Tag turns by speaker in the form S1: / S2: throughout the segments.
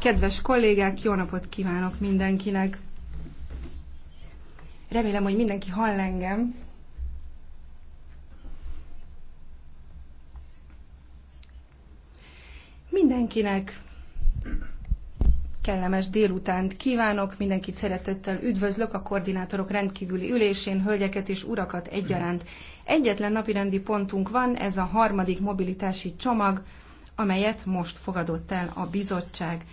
S1: Kedves kollégák, jó napot kívánok mindenkinek. Remélem, hogy mindenki hall engem. Mindenkinek Kellemes délutánt kívánok, mindenkit szeretettel üdvözlök a koordinátorok rendkívüli ülésén, hölgyeket és urakat egyaránt. Egyetlen napirendi pontunk van, ez a harmadik mobilitási csomag, amelyet most fogadott el a bizottság.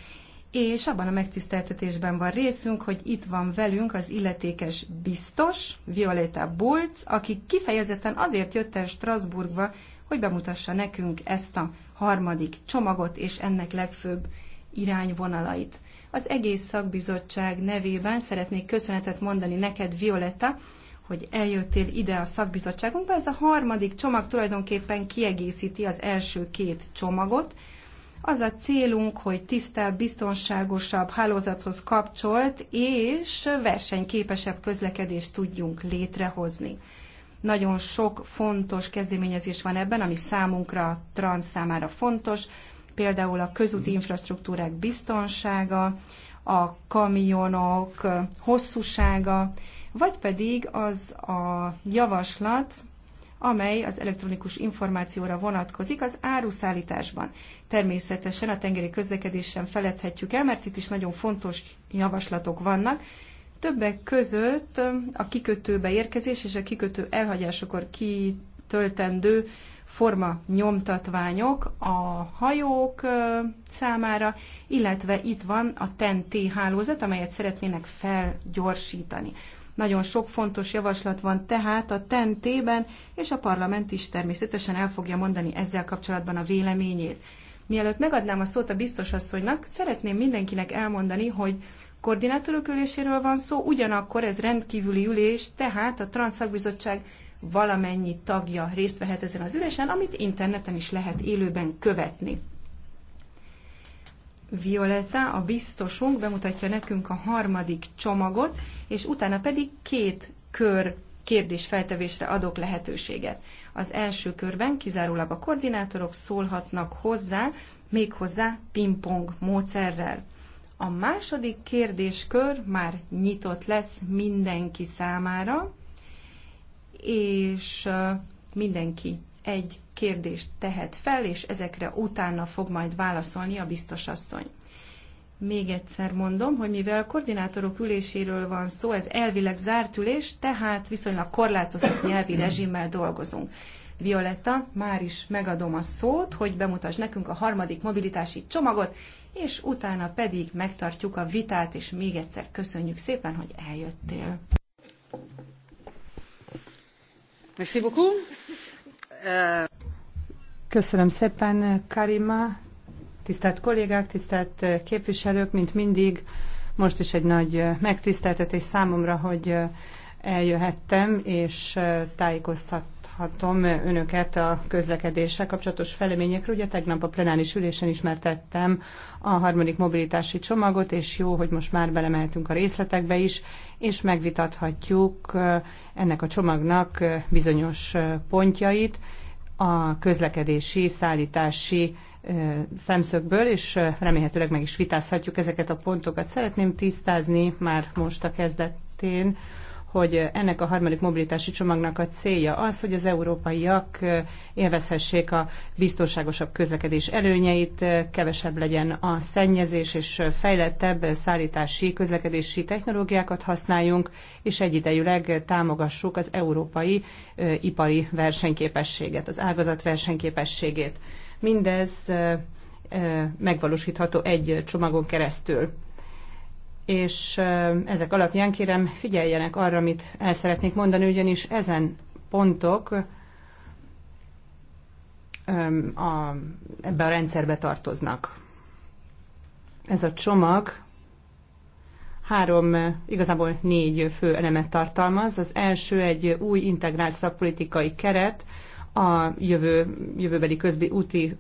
S1: És abban a megtiszteltetésben van részünk, hogy itt van velünk az illetékes biztos, Violeta Bulc, aki kifejezetten azért jött el Strasbourgba, hogy bemutassa nekünk ezt a harmadik csomagot és ennek legfőbb irányvonalait. Az egész szakbizottság nevében szeretnék köszönetet mondani neked, Violetta, hogy eljöttél ide a szakbizottságunkba. Ez a harmadik csomag tulajdonképpen kiegészíti az első két csomagot. Az a célunk, hogy tisztább, biztonságosabb hálózathoz kapcsolt és versenyképesebb közlekedést tudjunk létrehozni. Nagyon sok fontos kezdeményezés van ebben, ami számunkra, a trans számára fontos, például a közúti infrastruktúrák biztonsága, a kamionok hosszúsága, vagy pedig az a javaslat, amely az elektronikus információra vonatkozik az áruszállításban. Természetesen a tengeri közlekedésen feledhetjük el, mert itt is nagyon fontos javaslatok vannak. Többek között a kikötőbe érkezés és a kikötő elhagyásakor kitöltendő forma nyomtatványok a hajók számára, illetve itt van a TEN-T hálózat, amelyet szeretnének felgyorsítani. Nagyon sok fontos javaslat van tehát a TEN-T-ben, és a parlament is természetesen el fogja mondani ezzel kapcsolatban a véleményét. Mielőtt megadnám a szót a biztos asszonynak, szeretném mindenkinek elmondani, hogy koordinátorok üléséről van szó, ugyanakkor ez rendkívüli ülés, tehát a Transzakbizottság valamennyi tagja részt vehet ezen az ülésen, amit interneten is lehet élőben követni. Violetta, a biztosunk bemutatja nekünk a harmadik csomagot, és utána pedig két kör kérdésfeltevésre adok lehetőséget. Az első körben kizárólag a koordinátorok szólhatnak hozzá, méghozzá pingpong módszerrel. A második kérdéskör már nyitott lesz mindenki számára, és mindenki egy kérdést tehet fel, és ezekre utána fog majd válaszolni a biztos asszony. Még egyszer mondom, hogy mivel a koordinátorok üléséről van szó, ez elvileg zárt ülés, tehát viszonylag korlátozott nyelvi rezsimmel dolgozunk. Violetta, már is megadom a szót, hogy bemutass nekünk a harmadik mobilitási csomagot, és utána pedig megtartjuk a vitát, és még egyszer köszönjük szépen, hogy eljöttél.
S2: Merci beaucoup. Uh,
S3: Köszönöm szépen, Karima. Tisztelt kollégák, tisztelt képviselők, mint mindig, most is egy nagy megtiszteltetés számomra, hogy uh, eljöhettem, és uh, tájékoztattam tájékoztathatom önöket a közlekedéssel kapcsolatos feleményekről. Ugye tegnap a plenáris ülésen ismertettem a harmadik mobilitási csomagot, és jó, hogy most már belemeltünk a részletekbe is, és megvitathatjuk ennek a csomagnak bizonyos pontjait a közlekedési, szállítási szemszögből, és remélhetőleg meg is vitázhatjuk ezeket a pontokat. Szeretném tisztázni már most a kezdetén, hogy ennek a harmadik mobilitási csomagnak a célja az, hogy az európaiak élvezhessék a biztonságosabb közlekedés előnyeit, kevesebb legyen a szennyezés, és fejlettebb szállítási, közlekedési technológiákat használjunk, és egyidejűleg támogassuk az európai ipari versenyképességet, az ágazat versenyképességét. Mindez megvalósítható egy csomagon keresztül és ezek alapján kérem figyeljenek arra, amit el szeretnék mondani, ugyanis ezen pontok a, ebbe a rendszerbe tartoznak. Ez a csomag három, igazából négy fő elemet tartalmaz. Az első egy új integrált szakpolitikai keret, a jövő, jövőbeli közbi, úti,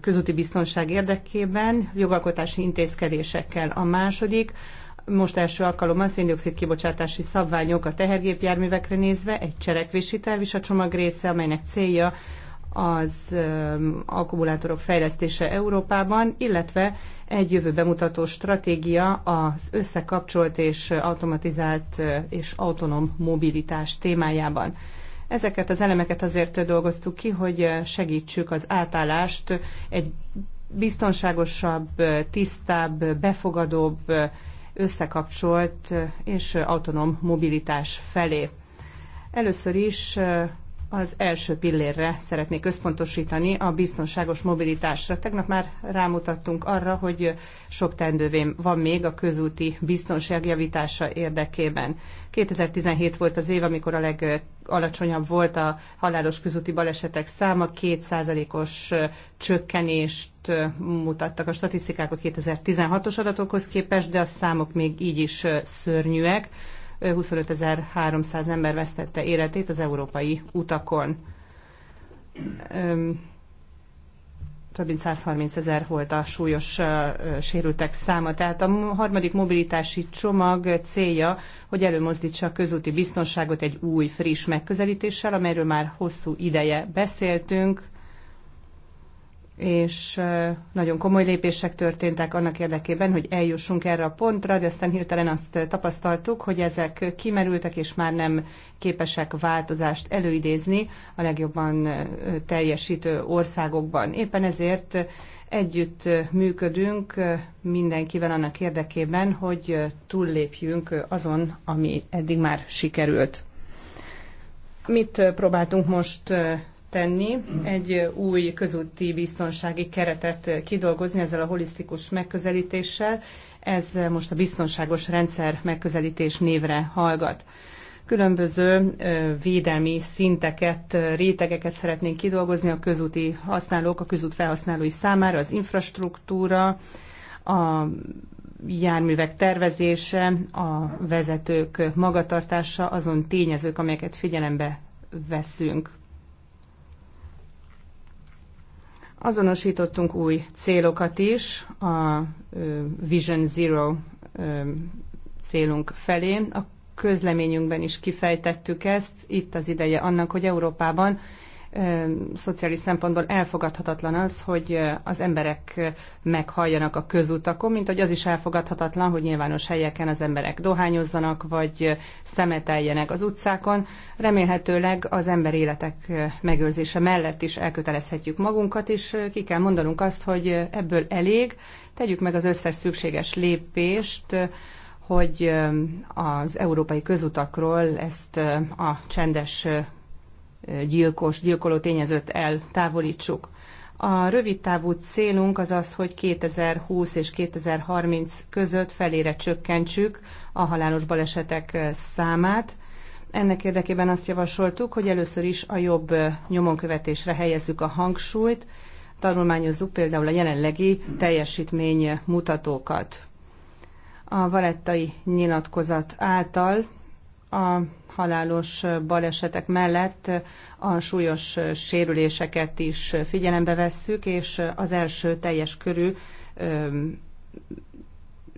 S3: közúti biztonság érdekében jogalkotási intézkedésekkel. A második most első alkalommal széndiokszid kibocsátási szabványok a tehergépjárművekre nézve, egy cselekvési terv is a csomag része, amelynek célja az akkumulátorok fejlesztése Európában, illetve egy jövő mutató stratégia az összekapcsolt és automatizált és autonóm mobilitás témájában. Ezeket az elemeket azért dolgoztuk ki, hogy segítsük az átállást egy biztonságosabb, tisztább, befogadóbb, összekapcsolt és autonóm mobilitás felé. Először is az első pillérre szeretnék összpontosítani, a biztonságos mobilitásra. Tegnap már rámutattunk arra, hogy sok tendővém van még a közúti biztonság javítása érdekében. 2017 volt az év, amikor a legalacsonyabb volt a halálos közúti balesetek száma, 2%-os csökkenést mutattak a statisztikák a 2016-os adatokhoz képest, de a számok még így is szörnyűek 25.300 ember vesztette életét az európai utakon. Több mint 130 ezer volt a súlyos sérültek száma. Tehát a harmadik mobilitási csomag célja, hogy előmozdítsa a közúti biztonságot egy új, friss megközelítéssel, amelyről már hosszú ideje beszéltünk és nagyon komoly lépések történtek annak érdekében, hogy eljussunk erre a pontra, de aztán hirtelen azt tapasztaltuk, hogy ezek kimerültek, és már nem képesek változást előidézni a legjobban teljesítő országokban. Éppen ezért együtt működünk mindenkivel annak érdekében, hogy túllépjünk azon, ami eddig már sikerült. Mit próbáltunk most tenni, egy új közúti biztonsági keretet kidolgozni ezzel a holisztikus megközelítéssel. Ez most a biztonságos rendszer megközelítés névre hallgat. Különböző védelmi szinteket, rétegeket szeretnénk kidolgozni a közúti használók, a közút felhasználói számára, az infrastruktúra, a járművek tervezése, a vezetők magatartása, azon tényezők, amelyeket figyelembe veszünk. Azonosítottunk új célokat is a Vision Zero célunk felé. A közleményünkben is kifejtettük ezt. Itt az ideje annak, hogy Európában szociális szempontból elfogadhatatlan az, hogy az emberek meghalljanak a közutakon, mint hogy az is elfogadhatatlan, hogy nyilvános helyeken az emberek dohányozzanak, vagy szemeteljenek az utcákon. Remélhetőleg az ember életek megőrzése mellett is elkötelezhetjük magunkat, és ki kell mondanunk azt, hogy ebből elég, tegyük meg az összes szükséges lépést, hogy az európai közutakról ezt a csendes gyilkos, gyilkoló tényezőt eltávolítsuk. A rövid távú célunk az az, hogy 2020 és 2030 között felére csökkentsük a halálos balesetek számát. Ennek érdekében azt javasoltuk, hogy először is a jobb nyomonkövetésre helyezzük a hangsúlyt, tanulmányozzuk például a jelenlegi teljesítmény mutatókat. A valettai nyilatkozat által a halálos balesetek mellett a súlyos sérüléseket is figyelembe vesszük, és az első teljes körű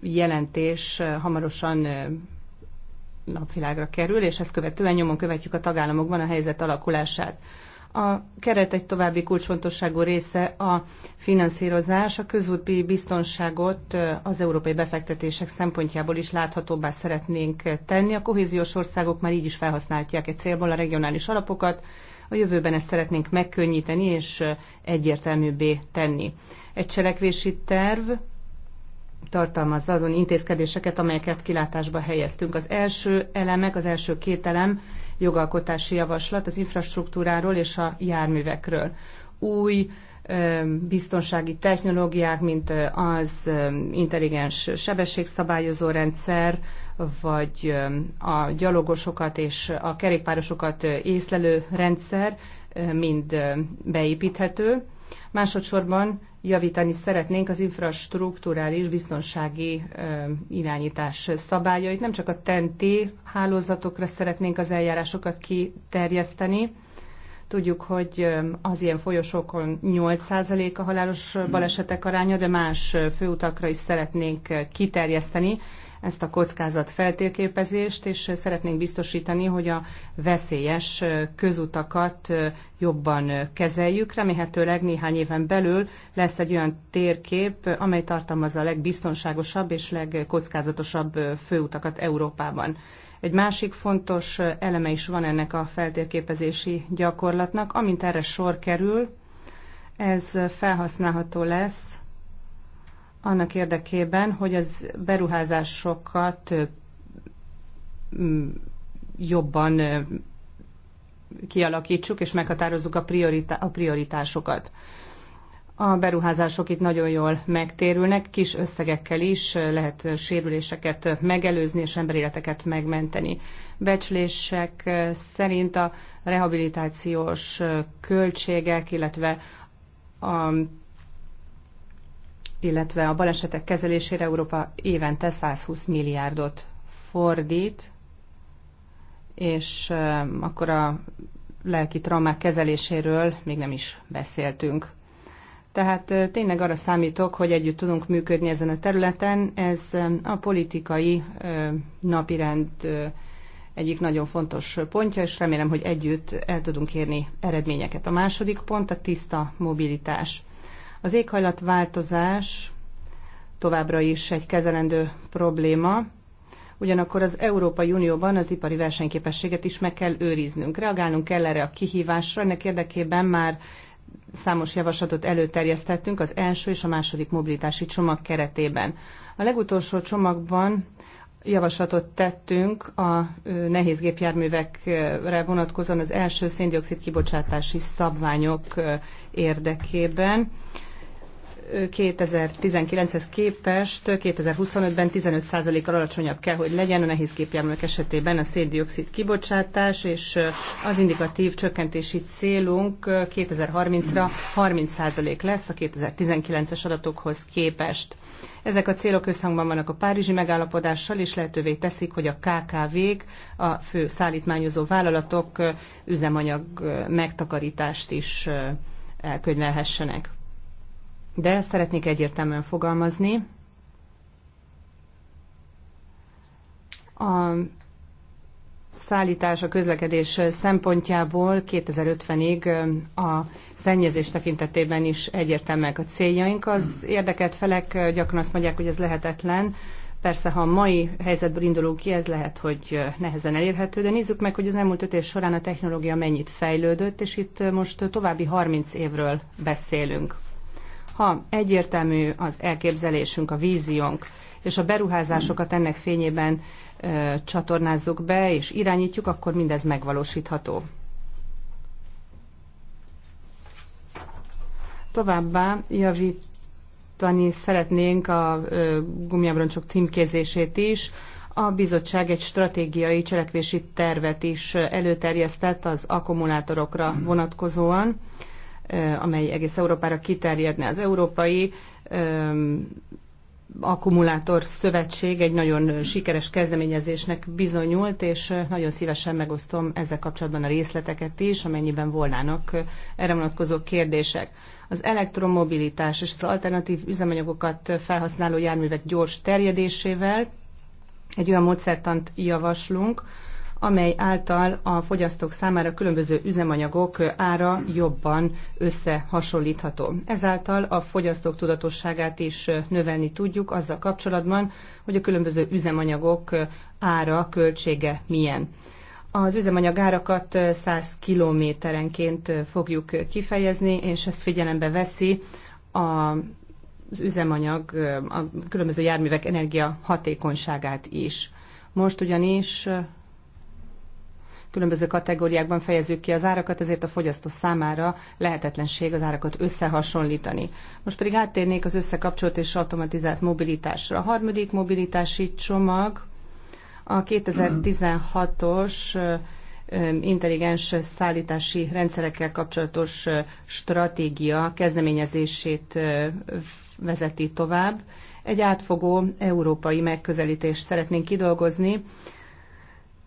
S3: jelentés hamarosan napvilágra kerül, és ezt követően nyomon követjük a tagállamokban a helyzet alakulását. A keret egy további kulcsfontosságú része a finanszírozás, a közúti biztonságot az európai befektetések szempontjából is láthatóbbá szeretnénk tenni. A kohéziós országok már így is felhasználják egy célból a regionális alapokat, a jövőben ezt szeretnénk megkönnyíteni és egyértelműbbé tenni. Egy cselekvési terv tartalmazza azon intézkedéseket, amelyeket kilátásba helyeztünk. Az első elemek, az első két elem jogalkotási javaslat az infrastruktúráról és a járművekről. Új biztonsági technológiák, mint az intelligens sebességszabályozó rendszer, vagy a gyalogosokat és a kerékpárosokat észlelő rendszer mind beépíthető. Másodszorban javítani szeretnénk az infrastruktúrális biztonsági irányítás szabályait. Nem csak a TNT hálózatokra szeretnénk az eljárásokat kiterjeszteni. Tudjuk, hogy az ilyen folyosókon 8% a halálos balesetek aránya, de más főutakra is szeretnénk kiterjeszteni ezt a kockázat feltérképezést, és szeretnénk biztosítani, hogy a veszélyes közutakat jobban kezeljük. Remélhetőleg néhány éven belül lesz egy olyan térkép, amely tartalmazza a legbiztonságosabb és legkockázatosabb főutakat Európában. Egy másik fontos eleme is van ennek a feltérképezési gyakorlatnak, amint erre sor kerül, ez felhasználható lesz annak érdekében, hogy az beruházásokat jobban kialakítsuk és meghatározzuk a, a prioritásokat. A beruházások itt nagyon jól megtérülnek, kis összegekkel is lehet sérüléseket megelőzni és emberéleteket megmenteni. Becslések szerint a rehabilitációs költségek, illetve a illetve a balesetek kezelésére Európa évente 120 milliárdot fordít, és akkor a lelki traumák kezeléséről még nem is beszéltünk. Tehát tényleg arra számítok, hogy együtt tudunk működni ezen a területen. Ez a politikai napirend egyik nagyon fontos pontja, és remélem, hogy együtt el tudunk érni eredményeket. A második pont a tiszta mobilitás. Az éghajlatváltozás továbbra is egy kezelendő probléma, ugyanakkor az Európai Unióban az ipari versenyképességet is meg kell őriznünk. Reagálnunk kell erre a kihívásra, ennek érdekében már számos javaslatot előterjesztettünk az első és a második mobilitási csomag keretében. A legutolsó csomagban javaslatot tettünk a nehéz gépjárművekre vonatkozóan az első széndiokszid kibocsátási szabványok érdekében. 2019-hez képest 2025-ben 15%-kal alacsonyabb kell, hogy legyen a nehéz képjárműek esetében a széndiokszid kibocsátás, és az indikatív csökkentési célunk 2030-ra 30% lesz a 2019-es adatokhoz képest. Ezek a célok összhangban vannak a Párizsi megállapodással, és lehetővé teszik, hogy a KKV-k, a fő szállítmányozó vállalatok üzemanyag megtakarítást is elkönyvelhessenek de szeretnék egyértelműen fogalmazni. A szállítás, a közlekedés szempontjából 2050-ig a szennyezés tekintetében is egyértelműek a céljaink. Az érdekelt felek gyakran azt mondják, hogy ez lehetetlen. Persze, ha a mai helyzetből indulunk ki, ez lehet, hogy nehezen elérhető, de nézzük meg, hogy az elmúlt öt év során a technológia mennyit fejlődött, és itt most további 30 évről beszélünk. Ha egyértelmű az elképzelésünk, a víziónk, és a beruházásokat ennek fényében ö, csatornázzuk be és irányítjuk, akkor mindez megvalósítható. Továbbá javítani szeretnénk a ö, gumiabroncsok címkézését is, a bizottság egy stratégiai cselekvési tervet is előterjesztett az akkumulátorokra vonatkozóan amely egész Európára kiterjedne. Az Európai Akkumulátor Szövetség egy nagyon sikeres kezdeményezésnek bizonyult, és nagyon szívesen megosztom ezzel kapcsolatban a részleteket is, amennyiben volnának erre vonatkozó kérdések. Az elektromobilitás és az alternatív üzemanyagokat felhasználó járművek gyors terjedésével egy olyan módszertant javaslunk, amely által a fogyasztók számára különböző üzemanyagok ára jobban összehasonlítható. Ezáltal a fogyasztók tudatosságát is növelni tudjuk azzal kapcsolatban, hogy a különböző üzemanyagok ára, költsége milyen. Az üzemanyagárakat 100 kilométerenként fogjuk kifejezni, és ezt figyelembe veszi a az üzemanyag, a különböző járművek energia hatékonyságát is. Most ugyanis különböző kategóriákban fejezzük ki az árakat, ezért a fogyasztó számára lehetetlenség az árakat összehasonlítani. Most pedig áttérnék az összekapcsolt és automatizált mobilitásra. A harmadik mobilitási csomag a 2016-os intelligens szállítási rendszerekkel kapcsolatos stratégia kezdeményezését vezeti tovább. Egy átfogó európai megközelítést szeretnénk kidolgozni,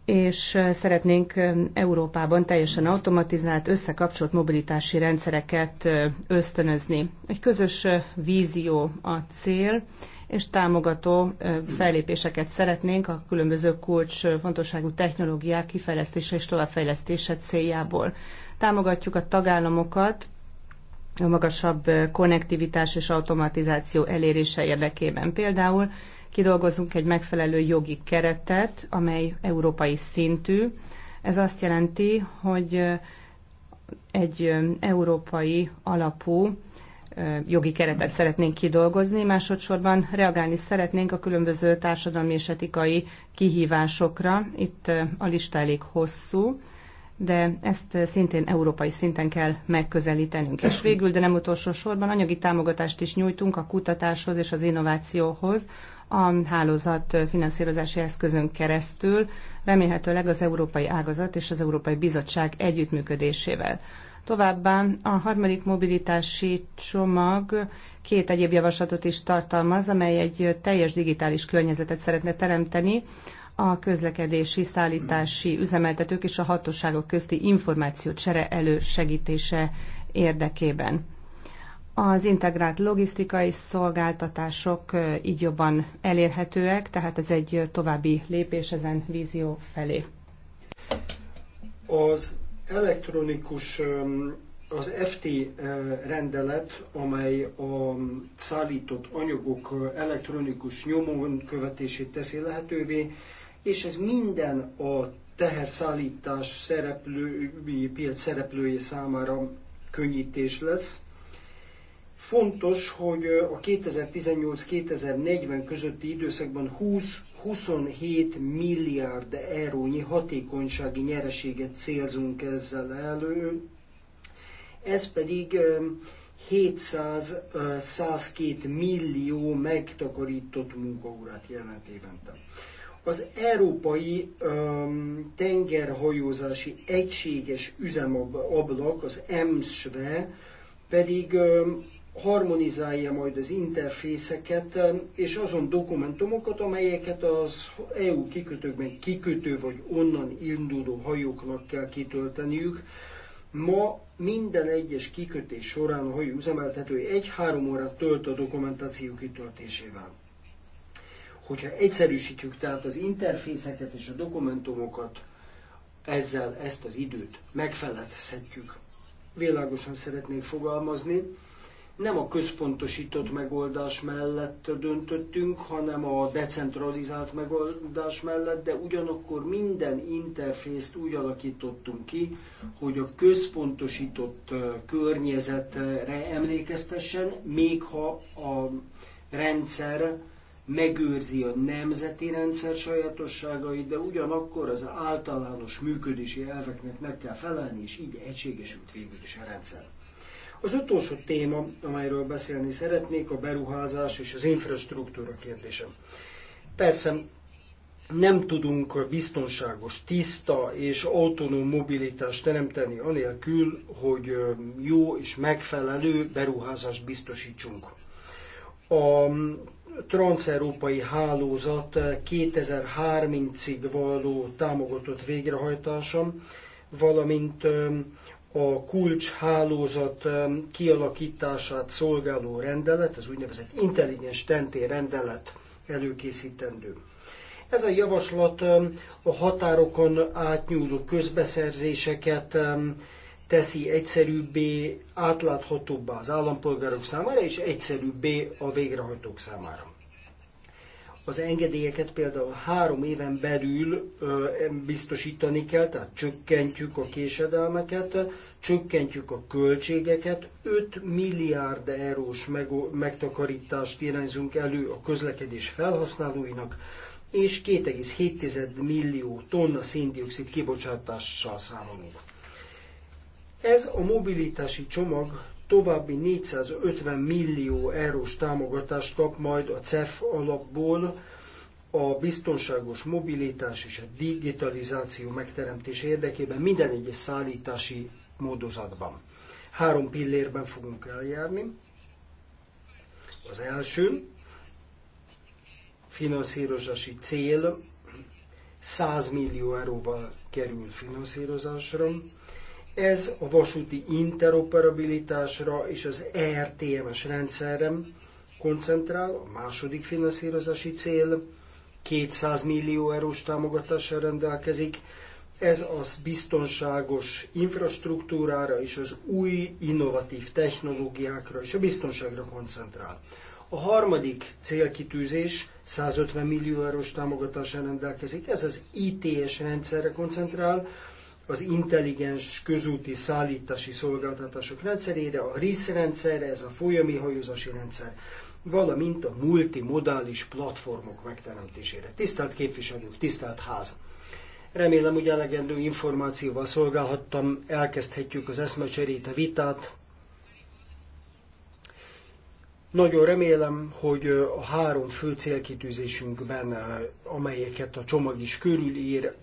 S3: és szeretnénk Európában teljesen automatizált, összekapcsolt mobilitási rendszereket ösztönözni. Egy közös vízió a cél, és támogató fellépéseket szeretnénk a különböző kulcs fontosságú technológiák kifejlesztése és továbbfejlesztése céljából. Támogatjuk a tagállamokat a magasabb konnektivitás és automatizáció elérése érdekében. Például kidolgozunk egy megfelelő jogi keretet, amely európai szintű. Ez azt jelenti, hogy egy európai alapú jogi keretet szeretnénk kidolgozni, másodszorban reagálni szeretnénk a különböző társadalmi és etikai kihívásokra. Itt a lista elég hosszú, de ezt szintén európai szinten kell megközelítenünk. És végül, de nem utolsó sorban anyagi támogatást is nyújtunk a kutatáshoz és az innovációhoz, a hálózat finanszírozási eszközön keresztül, remélhetőleg az Európai Ágazat és az Európai Bizottság együttműködésével. Továbbá a harmadik mobilitási csomag két egyéb javaslatot is tartalmaz, amely egy teljes digitális környezetet szeretne teremteni, a közlekedési, szállítási üzemeltetők és a hatóságok közti csere elősegítése érdekében. Az integrált logisztikai szolgáltatások így jobban elérhetőek, tehát ez egy további lépés ezen vízió felé.
S2: Az elektronikus az FT rendelet, amely a szállított anyagok elektronikus nyomon követését teszi lehetővé, és ez minden a teherszállítás szereplő, piac szereplői számára könnyítés lesz. Fontos, hogy a 2018-2040 közötti időszakban 20-27 milliárd eurónyi hatékonysági nyereséget célzunk ezzel elő, ez pedig 700-102 millió megtakarított munkaórát jelent évente az Európai um, Tengerhajózási Egységes Üzemablak, az EMSVE, pedig um, harmonizálja majd az interfészeket um, és azon dokumentumokat, amelyeket az EU kikötőkben kikötő vagy onnan induló hajóknak kell kitölteniük. Ma minden egyes kikötés során a hajó üzemeltetői egy-három órát tölt a dokumentáció kitöltésével. Hogyha egyszerűsítjük tehát az interfészeket és a dokumentumokat, ezzel ezt az időt megfelelhetjük. Világosan szeretnék fogalmazni, nem a központosított megoldás mellett döntöttünk, hanem a decentralizált megoldás mellett, de ugyanakkor minden interfészt úgy alakítottunk ki, hogy a központosított környezetre emlékeztessen, még ha a rendszer megőrzi a nemzeti rendszer sajátosságait, de ugyanakkor az általános működési elveknek meg kell felelni, és így egységesült végül is a rendszer. Az utolsó téma, amelyről beszélni szeretnék, a beruházás és az infrastruktúra kérdése. Persze nem tudunk biztonságos, tiszta és autonóm mobilitást teremteni anélkül, hogy jó és megfelelő beruházást biztosítsunk a transzeurópai hálózat 2030-ig való támogatott végrehajtása, valamint a kulcshálózat kialakítását szolgáló rendelet, az úgynevezett intelligens tenté rendelet előkészítendő. Ez a javaslat a határokon átnyúló közbeszerzéseket teszi egyszerűbbé, átláthatóbbá az állampolgárok számára, és egyszerűbbé a végrehajtók számára. Az engedélyeket például három éven belül ö, biztosítani kell, tehát csökkentjük a késedelmeket, csökkentjük a költségeket, 5 milliárd eurós megtakarítást irányzunk elő a közlekedés felhasználóinak, és 2,7 millió tonna széndiokszid kibocsátással számolunk. Ez a mobilitási csomag további 450 millió eurós támogatást kap majd a CEF alapból a biztonságos mobilitás és a digitalizáció megteremtés érdekében minden egyes szállítási módozatban. Három pillérben fogunk eljárni. Az első finanszírozási cél 100 millió euróval kerül finanszírozásra, ez a vasúti interoperabilitásra és az ERTMS rendszerre koncentrál, a második finanszírozási cél 200 millió eurós támogatással rendelkezik, ez az biztonságos infrastruktúrára és az új innovatív technológiákra és a biztonságra koncentrál. A harmadik célkitűzés 150 millió eurós támogatással rendelkezik, ez az ITS rendszerre koncentrál, az intelligens közúti szállítási szolgáltatások rendszerére, a részrendszerre, ez a folyami hajózási rendszer, valamint a multimodális platformok megteremtésére. Tisztelt képviselők, tisztelt ház! Remélem, hogy elegendő információval szolgálhattam, elkezdhetjük az eszmecserét, a vitát, nagyon remélem, hogy a három fő célkitűzésünkben, amelyeket a csomag is körülír,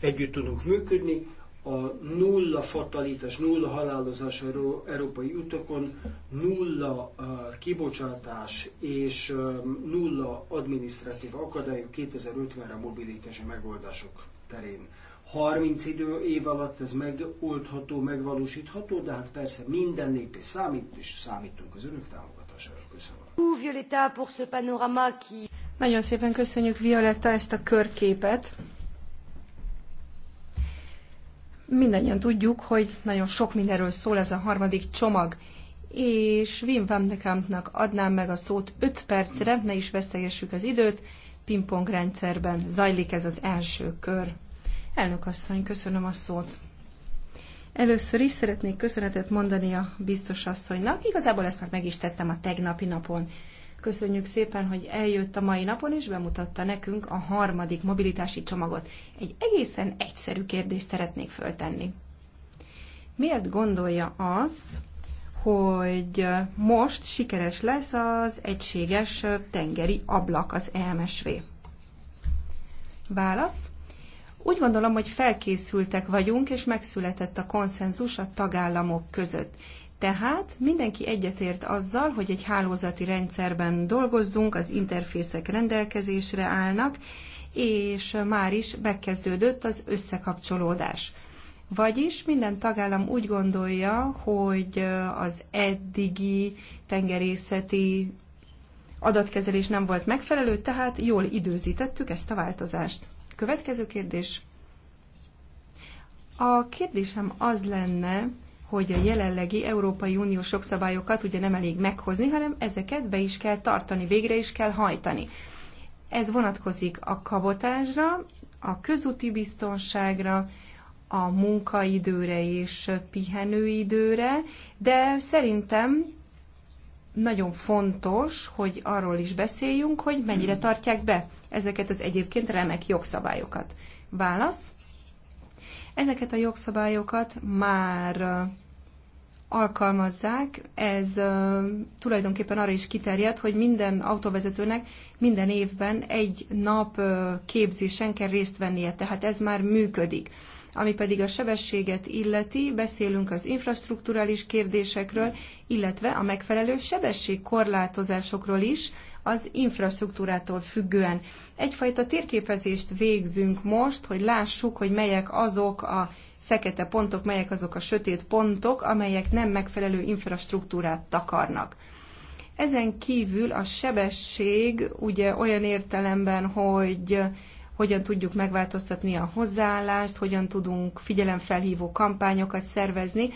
S2: együtt tudunk működni. A nulla fatalitás, nulla halálozás európai utakon, nulla kibocsátás és nulla adminisztratív akadályok 2050-re mobilitási megoldások terén. 30 idő év alatt ez megoldható, megvalósítható, de hát persze minden lépés számít, és számítunk az önök támogatására. Köszönöm. Violetta,
S1: Nagyon szépen köszönjük Violetta ezt a körképet. Mindannyian tudjuk, hogy nagyon sok mindenről szól ez a harmadik csomag, és Wim van de Kampnak adnám meg a szót 5 percre, ne is vesztegessük az időt, pingpong rendszerben zajlik ez az első kör. Elnök asszony, köszönöm a szót. Először is szeretnék köszönetet mondani a biztos asszonynak. Igazából ezt már meg is tettem a tegnapi napon. Köszönjük szépen, hogy eljött a mai napon, és bemutatta nekünk a harmadik mobilitási csomagot. Egy egészen egyszerű kérdést szeretnék föltenni. Miért gondolja azt, hogy most sikeres lesz az egységes tengeri ablak, az EMSV? Válasz? Úgy gondolom, hogy felkészültek vagyunk, és megszületett a konszenzus a tagállamok között. Tehát mindenki egyetért azzal, hogy egy hálózati rendszerben dolgozzunk, az interfészek rendelkezésre állnak, és már is megkezdődött az összekapcsolódás. Vagyis minden tagállam úgy gondolja, hogy az eddigi tengerészeti adatkezelés nem volt megfelelő, tehát jól időzítettük ezt a változást. Következő kérdés. A kérdésem az lenne, hogy a jelenlegi Európai Uniós szabályokat, ugye nem elég meghozni, hanem ezeket be is kell tartani, végre is kell hajtani. Ez vonatkozik a kabotásra, a közúti biztonságra, a munkaidőre és pihenőidőre, de szerintem nagyon fontos, hogy arról is beszéljünk, hogy mennyire tartják be ezeket az egyébként remek jogszabályokat. Válasz? Ezeket a jogszabályokat már alkalmazzák, ez tulajdonképpen arra is kiterjed, hogy minden autóvezetőnek minden évben egy nap képzésen kell részt vennie, tehát ez már működik ami pedig a sebességet illeti, beszélünk az infrastruktúrális kérdésekről, illetve a megfelelő sebességkorlátozásokról is, az infrastruktúrától függően. Egyfajta térképezést végzünk most, hogy lássuk, hogy melyek azok a fekete pontok, melyek azok a sötét pontok, amelyek nem megfelelő infrastruktúrát takarnak. Ezen kívül a sebesség ugye olyan értelemben, hogy hogyan tudjuk megváltoztatni a hozzáállást, hogyan tudunk figyelemfelhívó kampányokat szervezni.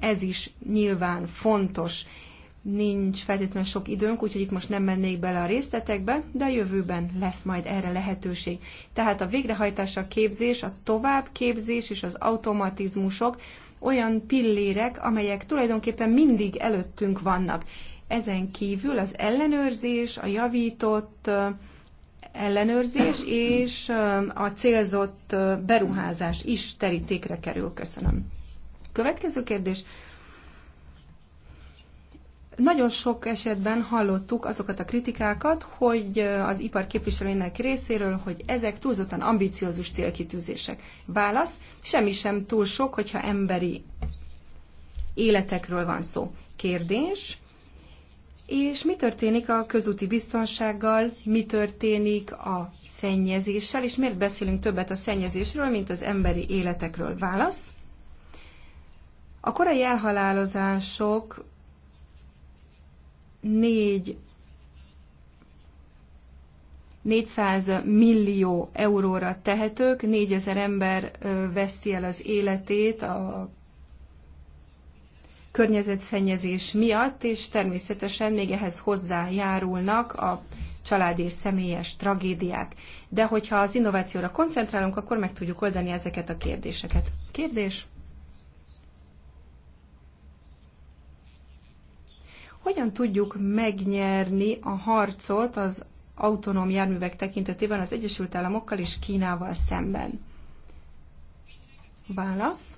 S1: Ez is nyilván fontos. Nincs feltétlenül sok időnk, úgyhogy itt most nem mennék bele a részletekbe, de a jövőben lesz majd erre lehetőség. Tehát a végrehajtás, a képzés, a továbbképzés és az automatizmusok olyan pillérek, amelyek tulajdonképpen mindig előttünk vannak. Ezen kívül az ellenőrzés, a javított ellenőrzés és a célzott beruházás is terítékre kerül. Köszönöm. Következő kérdés. Nagyon sok esetben hallottuk azokat a kritikákat, hogy az ipar képviselőinek részéről, hogy ezek túlzottan ambiciózus célkitűzések. Válasz, semmi sem túl sok, hogyha emberi életekről van szó. Kérdés, és mi történik a közúti biztonsággal, mi történik a szennyezéssel, és miért beszélünk többet a szennyezésről, mint az emberi életekről? Válasz? A korai elhalálozások négy 400 millió euróra tehetők, 4000 ember veszti el az életét a környezetszennyezés miatt, és természetesen még ehhez hozzájárulnak a családi és személyes tragédiák. De hogyha az innovációra koncentrálunk, akkor meg tudjuk oldani ezeket a kérdéseket. Kérdés? Hogyan tudjuk megnyerni a harcot az autonóm járművek tekintetében az Egyesült Államokkal és Kínával szemben? Válasz.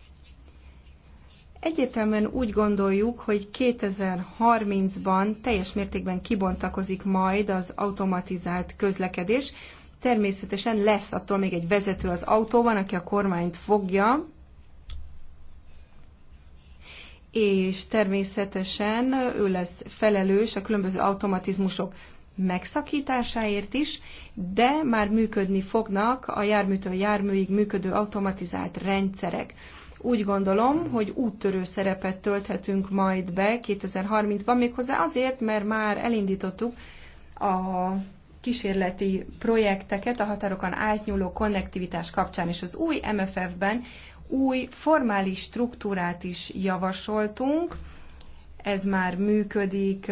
S1: Egyértelműen úgy gondoljuk, hogy 2030-ban teljes mértékben kibontakozik majd az automatizált közlekedés. Természetesen lesz attól még egy vezető az autóban, aki a kormányt fogja, és természetesen ő lesz felelős a különböző automatizmusok megszakításáért is, de már működni fognak a járműtől járműig működő automatizált rendszerek. Úgy gondolom, hogy úttörő szerepet tölthetünk majd be 2030-ban, méghozzá azért, mert már elindítottuk a kísérleti projekteket a határokon átnyúló konnektivitás kapcsán, és az új MFF-ben új formális struktúrát is javasoltunk, ez már működik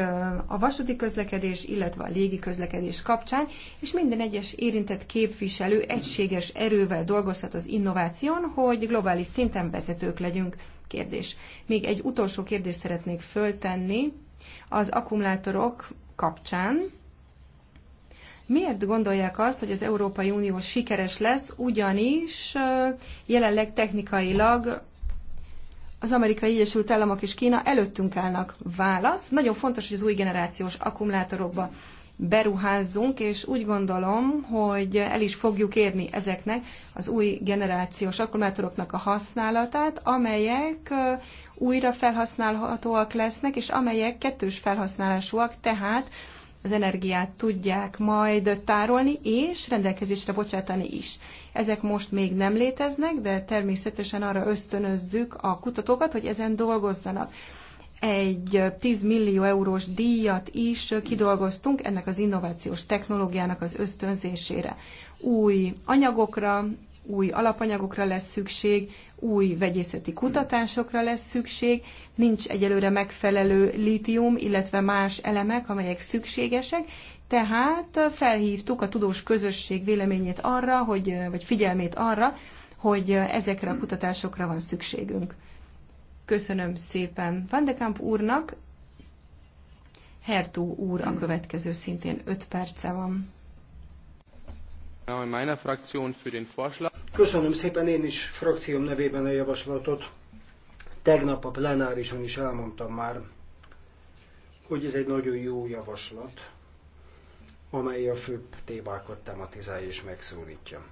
S1: a vasúti közlekedés, illetve a légi közlekedés kapcsán, és minden egyes érintett képviselő egységes erővel dolgozhat az innováción, hogy globális szinten vezetők legyünk. Kérdés. Még egy utolsó kérdést szeretnék föltenni az akkumulátorok kapcsán. Miért gondolják azt, hogy az Európai Unió sikeres lesz, ugyanis jelenleg technikailag az amerikai Egyesült Államok és Kína előttünk állnak. Válasz. Nagyon fontos, hogy az új generációs akkumulátorokba beruházzunk, és úgy gondolom, hogy el is fogjuk érni ezeknek az új generációs akkumulátoroknak a használatát, amelyek újra felhasználhatóak lesznek, és amelyek kettős felhasználásúak, tehát az energiát tudják majd tárolni és rendelkezésre bocsátani is. Ezek most még nem léteznek, de természetesen arra ösztönözzük a kutatókat, hogy ezen dolgozzanak. Egy 10 millió eurós díjat is kidolgoztunk ennek az innovációs technológiának az ösztönzésére. Új anyagokra, új alapanyagokra lesz szükség, új vegyészeti kutatásokra lesz szükség, nincs egyelőre megfelelő litium, illetve más elemek, amelyek szükségesek, tehát felhívtuk a tudós közösség véleményét arra, hogy, vagy figyelmét arra, hogy ezekre a kutatásokra van szükségünk. Köszönöm szépen Van de Kamp úrnak. Hertó úr a következő szintén 5 perce van.
S2: Köszönöm szépen én is frakcióm nevében a javaslatot. Tegnap a plenárison is elmondtam már, hogy ez egy nagyon jó javaslat, amely a főbb témákat tematizálja és megszólítja.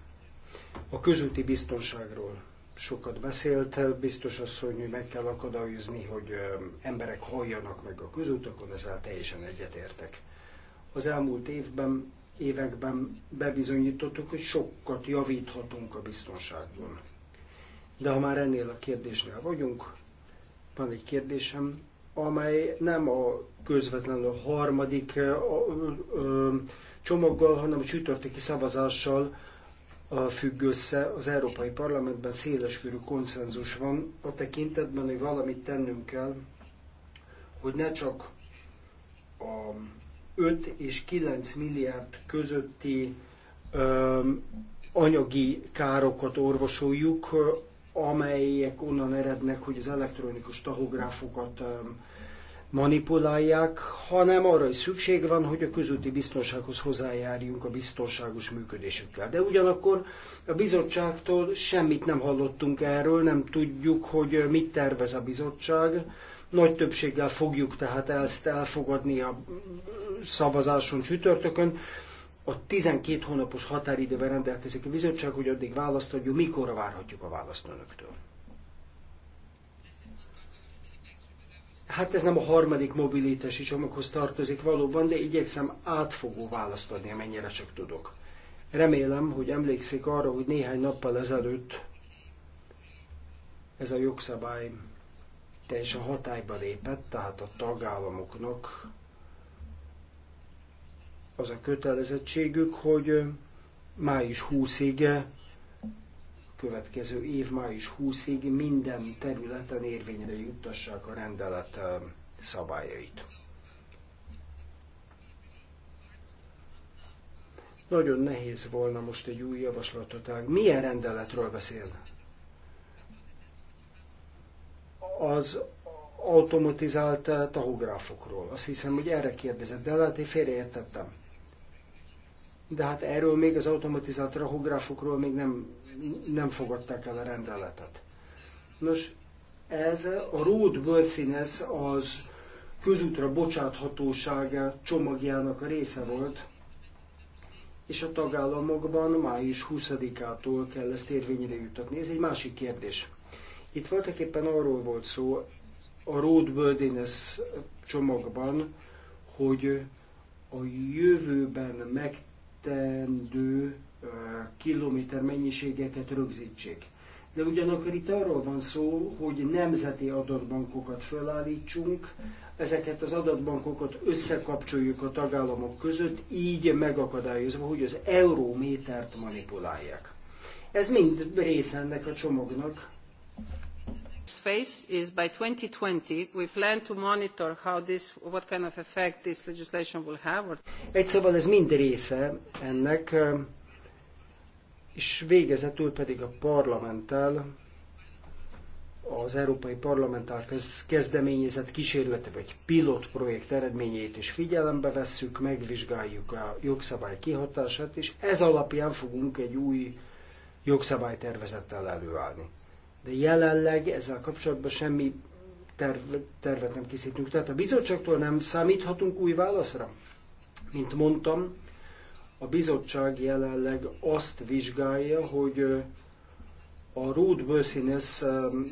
S2: A közúti biztonságról sokat beszélt, biztos asszony, hogy meg kell akadályozni, hogy emberek halljanak meg a közútakon, ezzel teljesen egyetértek. Az elmúlt évben években bebizonyítottuk, hogy sokat javíthatunk a biztonságban. De ha már ennél a kérdésnél vagyunk, van egy kérdésem, amely nem a közvetlenül a harmadik csomaggal, hanem a csütörtöki szavazással függ össze. Az Európai Parlamentben széleskörű konszenzus van a tekintetben, hogy valamit tennünk kell, hogy ne csak a 5 és 9 milliárd közötti öm, anyagi károkat orvosoljuk, amelyek onnan erednek, hogy az elektronikus tahográfokat öm, manipulálják, hanem arra is szükség van, hogy a közötti biztonsághoz hozzájárjunk a biztonságos működésükkel. De ugyanakkor a bizottságtól semmit nem hallottunk erről, nem tudjuk, hogy mit tervez a bizottság nagy többséggel fogjuk tehát ezt elfogadni a szavazáson csütörtökön. A 12 hónapos határidővel rendelkezik a bizottság, hogy addig választ adjuk, mikorra várhatjuk a választ önöktől. Hát ez nem a harmadik mobilitási csomaghoz tartozik valóban, de igyekszem átfogó választ adni, amennyire csak tudok. Remélem, hogy emlékszik arra, hogy néhány nappal ezelőtt ez a jogszabály teljesen hatályba lépett, tehát a tagállamoknak az a kötelezettségük, hogy május 20-ig, következő év május 20-ig minden területen érvényre juttassák a rendelet szabályait. Nagyon nehéz volna most egy új javaslatot Milyen rendeletről beszél? az automatizált eh, tahográfokról. Azt hiszem, hogy erre kérdezett, de lehet, hogy félreértettem. De hát erről még az automatizált tahográfokról még nem, nem fogadták el a rendeletet. Nos, ez a roadworthiness az közútra bocsáthatóság csomagjának a része volt, és a tagállamokban május 20-ától kell ezt érvényre jutatni. Ez egy másik kérdés. Itt voltak éppen arról volt szó a Road Worldiness csomagban, hogy a jövőben megtendő kilométer mennyiségeket rögzítsék. De ugyanakkor itt arról van szó, hogy nemzeti adatbankokat felállítsunk, ezeket az adatbankokat összekapcsoljuk a tagállamok között, így megakadályozva, hogy az eurométert manipulálják. Ez mind része ennek a csomagnak,
S3: phase is by two thousand and twenty we plan to monitor how this, what kind of effect this legislation will have.
S2: Egy szóval ez mind része ennek, ehm, és végezetül pedig a parlamenttel, az Európai Parlamentál kezdeményezett kísérlet vagy pilot projekt eredményeit is figyelembe vesszük, megvizsgáljuk a jogszabály kihatását, és ez alapján fogunk egy új jogszabálytervezettel előállni de jelenleg ezzel kapcsolatban semmi terv, tervet nem készítünk. Tehát a bizottságtól nem számíthatunk új válaszra? Mint mondtam, a bizottság jelenleg azt vizsgálja, hogy a road business,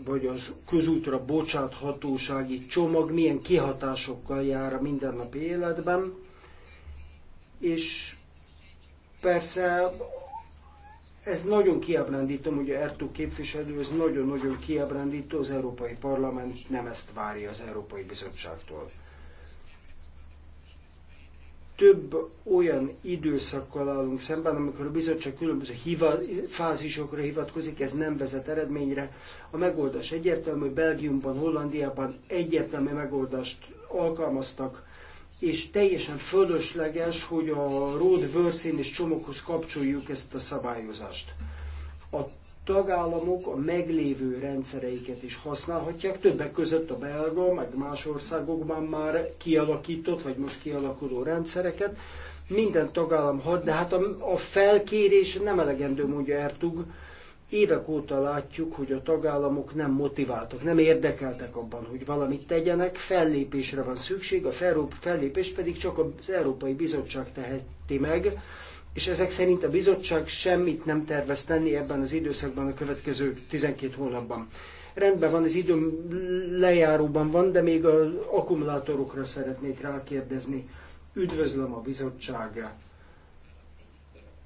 S2: vagy az közútra bocsáthatósági csomag milyen kihatásokkal jár a mindennapi életben, és persze ez nagyon kiábrándító, ugye Ertó képviselő, ez nagyon-nagyon kiábrándító, az Európai Parlament nem ezt várja az Európai Bizottságtól. Több olyan időszakkal állunk szemben, amikor a bizottság különböző hiva, fázisokra hivatkozik, ez nem vezet eredményre. A megoldás egyértelmű, Belgiumban, Hollandiában egyértelmű megoldást alkalmaztak, és teljesen fölösleges, hogy a road vörszén és csomaghoz kapcsoljuk ezt a szabályozást. A tagállamok a meglévő rendszereiket is használhatják, többek között a belga, meg más országokban már kialakított, vagy most kialakuló rendszereket. Minden tagállam hat, de hát a, a felkérés nem elegendő, mondja Ertug, Évek óta látjuk, hogy a tagállamok nem motiváltak, nem érdekeltek abban, hogy valamit tegyenek, fellépésre van szükség, a fellépés pedig csak az Európai Bizottság teheti meg, és ezek szerint a bizottság semmit nem tervez tenni ebben az időszakban a következő 12 hónapban. Rendben van, az időm lejáróban van, de még az akkumulátorokra szeretnék rákérdezni. Üdvözlöm a bizottság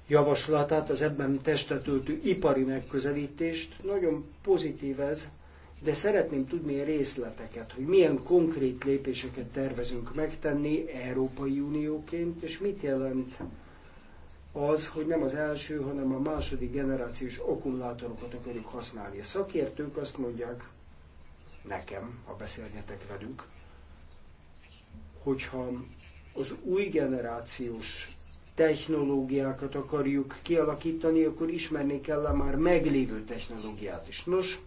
S2: javaslatát, az ebben töltő ipari megközelítést. Nagyon pozitív ez, de szeretném tudni a részleteket, hogy milyen konkrét lépéseket tervezünk megtenni Európai Unióként, és mit jelent az, hogy nem az első, hanem a második generációs akkumulátorokat akarjuk használni. A szakértők azt mondják nekem, ha beszélgetek velük, hogyha az új generációs technológiákat akarjuk kialakítani, akkor ismerni kell a már meglévő technológiát is. Nos,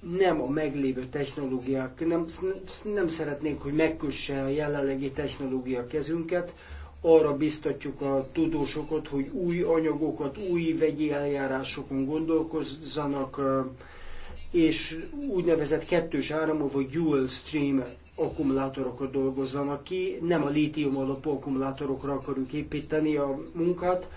S2: nem a meglévő technológiák, nem, nem szeretnénk, hogy megkösse a jelenlegi technológia kezünket, arra biztatjuk a tudósokat, hogy új anyagokat, új vegyi eljárásokon gondolkozzanak, és úgynevezett kettős áramú vagy dual stream akkumulátorokat dolgozzanak ki, nem a lítium alapú akkumulátorokra akarjuk építeni a munkát.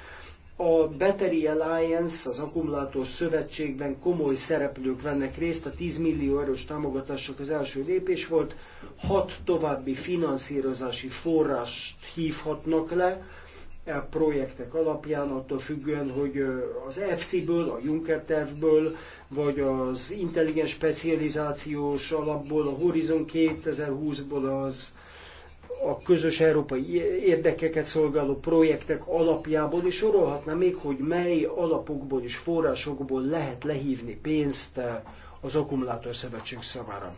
S2: A Battery Alliance, az Akkumulátor Szövetségben komoly szereplők vennek részt, a 10 millió eurós támogatások az első lépés volt, hat további finanszírozási forrást hívhatnak le, E projektek alapján, attól függően, hogy az EFSI-ből, a Juncker tervből, vagy az intelligens specializációs alapból, a Horizon 2020-ból az a közös európai érdekeket szolgáló projektek alapjából, és sorolhatná még, hogy mely alapokból és forrásokból lehet lehívni pénzt az Akkumulátorszövetség számára.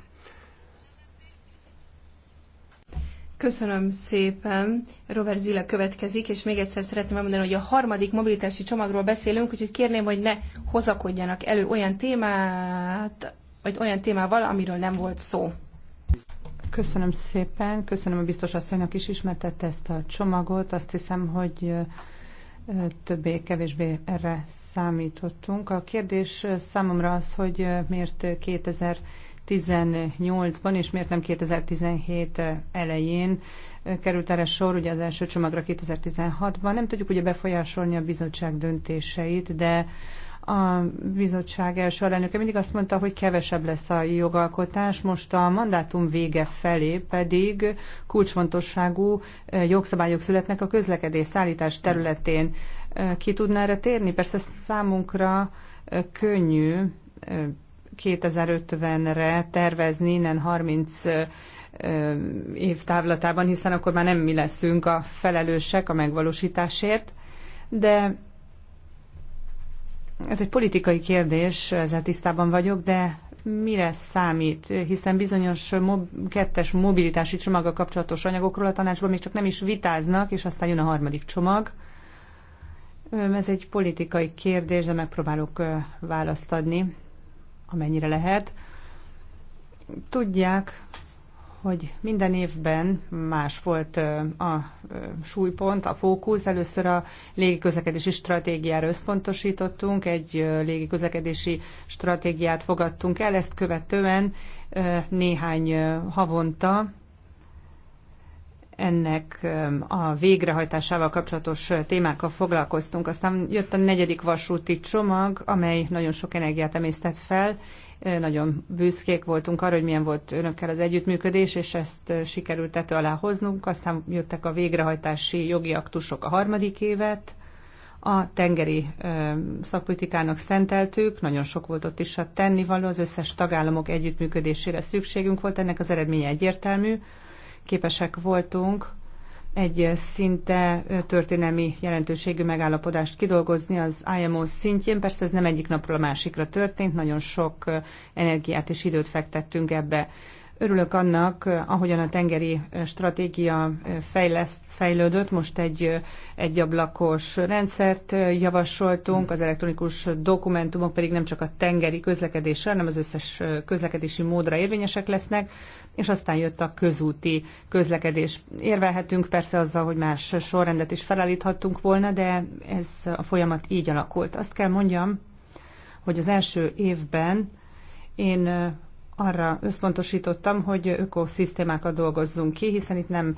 S1: Köszönöm szépen. Robert Zilla következik, és még egyszer szeretném elmondani, hogy a harmadik mobilitási csomagról beszélünk, úgyhogy kérném, hogy ne hozakodjanak elő olyan témát, vagy olyan témával, amiről nem volt szó. Köszönöm szépen, köszönöm a biztos asszonynak is ismertette
S3: ezt a csomagot. Azt hiszem, hogy többé-kevésbé erre számítottunk. A kérdés számomra az, hogy miért 2000 2018-ban, és miért nem 2017 elején került erre sor, ugye az első csomagra 2016-ban. Nem tudjuk ugye befolyásolni a bizottság döntéseit, de a bizottság első alelnöke mindig azt mondta, hogy kevesebb lesz a jogalkotás, most a mandátum vége felé pedig kulcsfontosságú jogszabályok születnek a közlekedés szállítás területén. Ki tudná erre térni? Persze számunkra könnyű 2050-re tervezni innen 30 év távlatában, hiszen akkor már nem mi leszünk a felelősek a megvalósításért, de ez egy politikai kérdés, ezzel tisztában vagyok, de mire számít, hiszen bizonyos mob- kettes mobilitási csomaga kapcsolatos anyagokról a tanácsban még csak nem is vitáznak, és aztán jön a harmadik csomag. Ez egy politikai kérdés, de megpróbálok választ adni amennyire lehet. Tudják, hogy minden évben más volt a súlypont, a fókusz. Először a légiközlekedési stratégiára összpontosítottunk, egy légiközlekedési stratégiát fogadtunk el, ezt követően néhány havonta ennek a végrehajtásával kapcsolatos témákkal foglalkoztunk. Aztán jött a negyedik vasúti csomag, amely nagyon sok energiát emésztett fel. Nagyon büszkék voltunk arra, hogy milyen volt önökkel az együttműködés, és ezt sikerült tető alá hoznunk. Aztán jöttek a végrehajtási jogi aktusok a harmadik évet, a tengeri szakpolitikának szenteltük, nagyon sok volt ott is a tennivaló, az összes tagállamok együttműködésére szükségünk volt, ennek az eredménye egyértelmű képesek voltunk egy szinte történelmi jelentőségű megállapodást kidolgozni az IMO szintjén. Persze ez nem egyik napról a másikra történt, nagyon sok energiát és időt fektettünk ebbe. Örülök annak, ahogyan a tengeri stratégia fejleszt, fejlődött, most egy egyablakos rendszert javasoltunk, az elektronikus dokumentumok pedig nem csak a tengeri közlekedésre, hanem az összes közlekedési módra érvényesek lesznek, és aztán jött a közúti közlekedés. Érvelhetünk persze azzal, hogy más sorrendet is felállíthattunk volna, de ez a folyamat így alakult. Azt kell mondjam, hogy az első évben én arra összpontosítottam, hogy ökoszisztémákat dolgozzunk ki, hiszen itt nem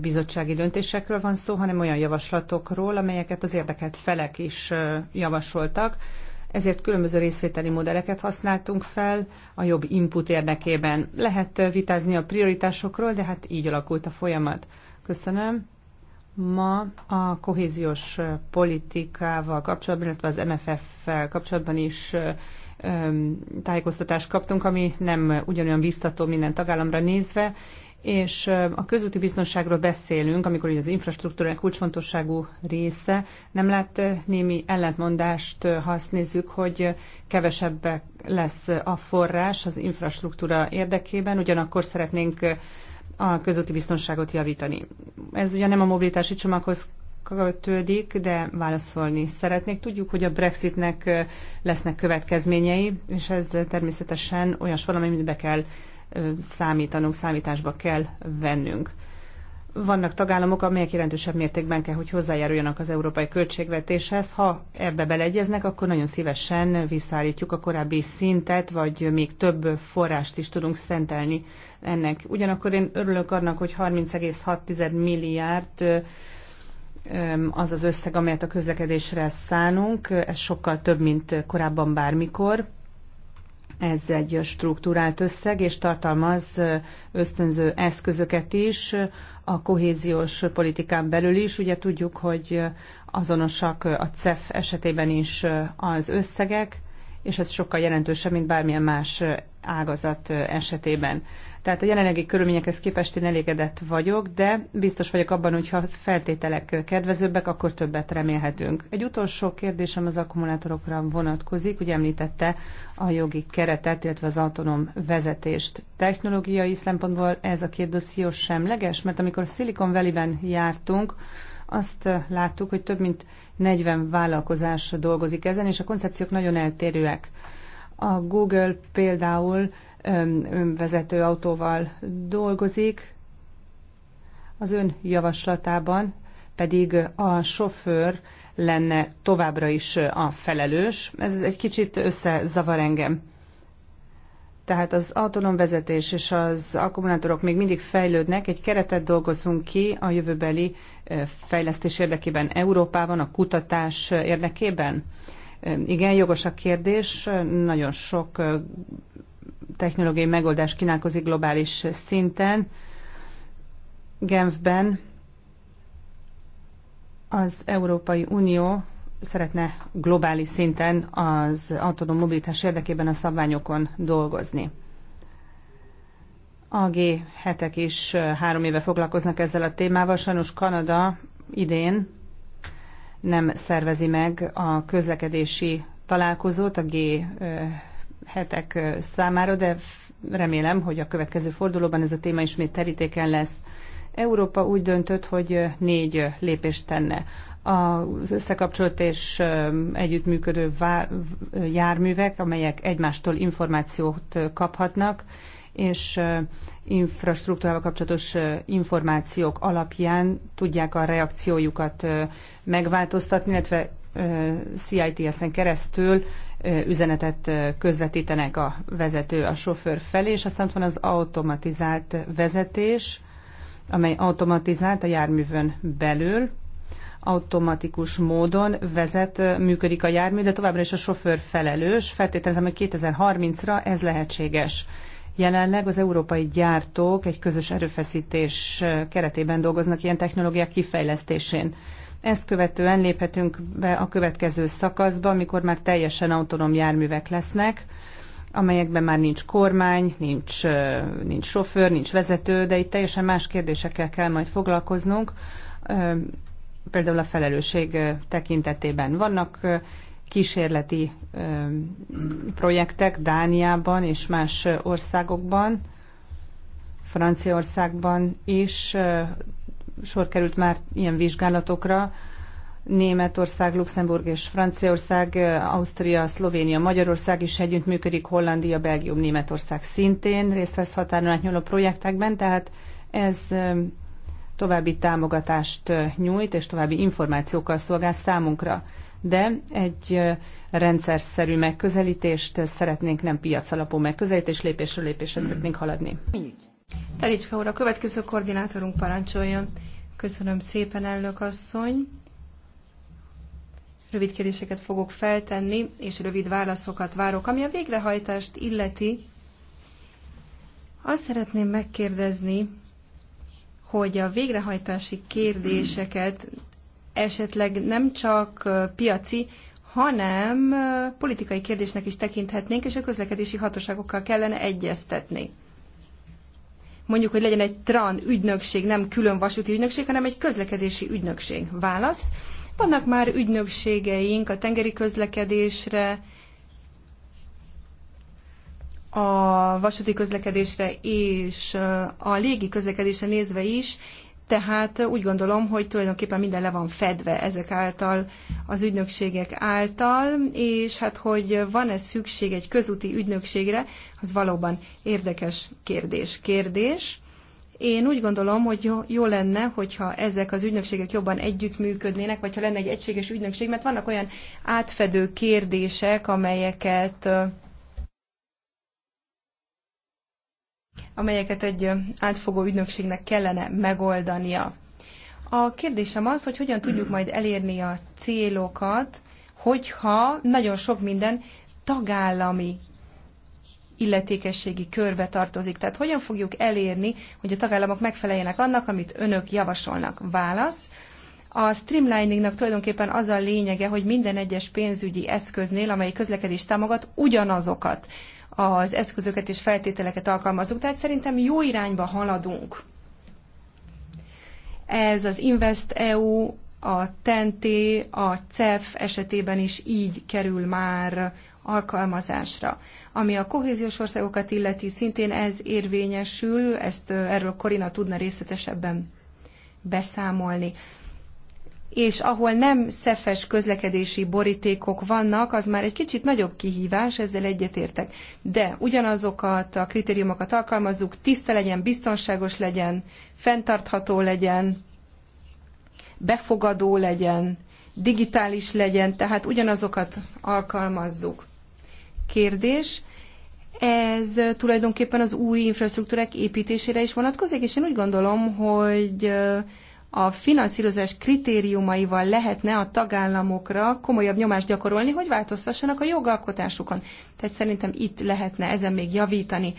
S3: bizottsági döntésekről van szó, hanem olyan javaslatokról, amelyeket az érdekelt felek is javasoltak. Ezért különböző részvételi modelleket használtunk fel a jobb input érdekében. Lehet vitázni a prioritásokról, de hát így alakult a folyamat. Köszönöm. Ma a kohéziós politikával kapcsolatban, illetve az MFF-fel kapcsolatban is tájékoztatást kaptunk, ami nem ugyanolyan biztató minden tagállamra nézve, és a közúti biztonságról beszélünk, amikor az infrastruktúra kulcsfontosságú része nem lát némi ellentmondást, ha azt nézzük, hogy kevesebb lesz a forrás az infrastruktúra érdekében, ugyanakkor szeretnénk a közúti biztonságot javítani. Ez ugye nem a mobilitási csomaghoz kötődik, de válaszolni szeretnék. Tudjuk, hogy a Brexitnek lesznek következményei, és ez természetesen olyas valami, amit be kell számítanunk, számításba kell vennünk. Vannak tagállamok, amelyek jelentősebb mértékben kell, hogy hozzájáruljanak az európai költségvetéshez. Ha ebbe beleegyeznek, akkor nagyon szívesen visszaállítjuk a korábbi szintet, vagy még több forrást is tudunk szentelni ennek. Ugyanakkor én örülök annak, hogy 30,6 milliárd az az összeg, amelyet a közlekedésre szánunk, ez sokkal több, mint korábban bármikor. Ez egy struktúrált összeg, és tartalmaz ösztönző eszközöket is, a kohéziós politikán belül is. Ugye tudjuk, hogy azonosak a CEF esetében is az összegek, és ez sokkal jelentősebb, mint bármilyen más ágazat esetében. Tehát a jelenlegi körülményekhez képest én elégedett vagyok, de biztos vagyok abban, hogy ha feltételek kedvezőbbek, akkor többet remélhetünk. Egy utolsó kérdésem az akkumulátorokra vonatkozik. Ugye említette a jogi keretet, illetve az autonóm vezetést. Technológiai szempontból ez a két dosszió semleges, mert amikor Silicon Valley-ben jártunk, azt láttuk, hogy több mint 40 vállalkozás dolgozik ezen, és a koncepciók nagyon eltérőek. A Google például önvezető autóval dolgozik, az ön javaslatában pedig a sofőr lenne továbbra is a felelős. Ez egy kicsit összezavar engem. Tehát az autonóm vezetés és az akkumulátorok még mindig fejlődnek, egy keretet dolgozunk ki a jövőbeli fejlesztés érdekében Európában, a kutatás érdekében. Igen, jogos a kérdés, nagyon sok technológiai megoldás kínálkozik globális szinten. Genfben az Európai Unió szeretne globális szinten az autonóm mobilitás érdekében a szabványokon dolgozni. A G7-ek is három éve foglalkoznak ezzel a témával. Sajnos Kanada idén nem szervezi meg a közlekedési találkozót, a G hetek számára, de remélem, hogy a következő fordulóban ez a téma ismét terítéken lesz. Európa úgy döntött, hogy négy lépést tenne. Az összekapcsolt és együttműködő járművek, amelyek egymástól információt kaphatnak, és infrastruktúrával kapcsolatos információk alapján tudják a reakciójukat megváltoztatni, illetve CITS-en keresztül üzenetet közvetítenek a vezető, a sofőr felé, és aztán van az automatizált vezetés, amely automatizált a járművön belül, automatikus módon vezet, működik a jármű, de továbbra is a sofőr felelős. Feltételezem, hogy 2030-ra ez lehetséges. Jelenleg az európai gyártók egy közös erőfeszítés keretében dolgoznak ilyen technológiák kifejlesztésén. Ezt követően léphetünk be a következő szakaszba, amikor már teljesen autonóm járművek lesznek, amelyekben már nincs kormány, nincs, nincs sofőr, nincs vezető, de itt teljesen más kérdésekkel kell majd foglalkoznunk, például a felelősség tekintetében. Vannak kísérleti projektek Dániában és más országokban, Franciaországban is sor került már ilyen vizsgálatokra. Németország, Luxemburg és Franciaország, Ausztria, Szlovénia, Magyarország is együttműködik, Hollandia, Belgium, Németország szintén részt vesz határon átnyúló projektekben, tehát ez további támogatást nyújt, és további információkkal szolgál számunkra. De egy rendszer szerű megközelítést szeretnénk, nem piac alapú megközelítés, lépésről lépésre hmm. szeretnénk haladni.
S1: Telicska úr, a következő koordinátorunk parancsoljon. Köszönöm szépen, elnök asszony. Rövid kérdéseket fogok feltenni, és rövid válaszokat várok. Ami a végrehajtást illeti, azt szeretném megkérdezni, hogy a végrehajtási kérdéseket esetleg nem csak piaci, hanem politikai kérdésnek is tekinthetnénk, és a közlekedési hatóságokkal kellene egyeztetni mondjuk, hogy legyen egy TRAN ügynökség, nem külön vasúti ügynökség, hanem egy közlekedési ügynökség. Válasz. Vannak már ügynökségeink a tengeri közlekedésre, a vasúti közlekedésre és a légi közlekedésre nézve is tehát úgy gondolom, hogy tulajdonképpen minden le van fedve ezek által, az ügynökségek által, és hát hogy van-e szükség egy közúti ügynökségre, az valóban érdekes kérdés. Kérdés. Én úgy gondolom, hogy jó, jó lenne, hogyha ezek az ügynökségek jobban együttműködnének, vagy ha lenne egy egységes ügynökség, mert vannak olyan átfedő kérdések, amelyeket amelyeket egy átfogó ügynökségnek kellene megoldania. A kérdésem az, hogy hogyan tudjuk majd elérni a célokat, hogyha nagyon sok minden tagállami illetékességi körbe tartozik. Tehát hogyan fogjuk elérni, hogy a tagállamok megfeleljenek annak, amit önök javasolnak? Válasz. A streamliningnak tulajdonképpen az a lényege, hogy minden egyes pénzügyi eszköznél, amely közlekedést támogat, ugyanazokat az eszközöket és feltételeket alkalmazunk. Tehát szerintem jó irányba haladunk. Ez az Invest EU, a TNT, a CEF esetében is így kerül már alkalmazásra. Ami a kohéziós országokat illeti, szintén ez érvényesül, ezt erről Korina tudna részletesebben beszámolni és ahol nem szefes közlekedési borítékok vannak, az már egy kicsit nagyobb kihívás, ezzel egyetértek. De ugyanazokat a kritériumokat alkalmazzuk, tiszta legyen, biztonságos legyen, fenntartható legyen, befogadó legyen, digitális legyen, tehát ugyanazokat alkalmazzuk. Kérdés, ez tulajdonképpen az új infrastruktúrák építésére is vonatkozik, és én úgy gondolom, hogy a finanszírozás kritériumaival lehetne a tagállamokra komolyabb nyomást gyakorolni, hogy változtassanak a jogalkotásukon. Tehát szerintem itt lehetne ezen még javítani.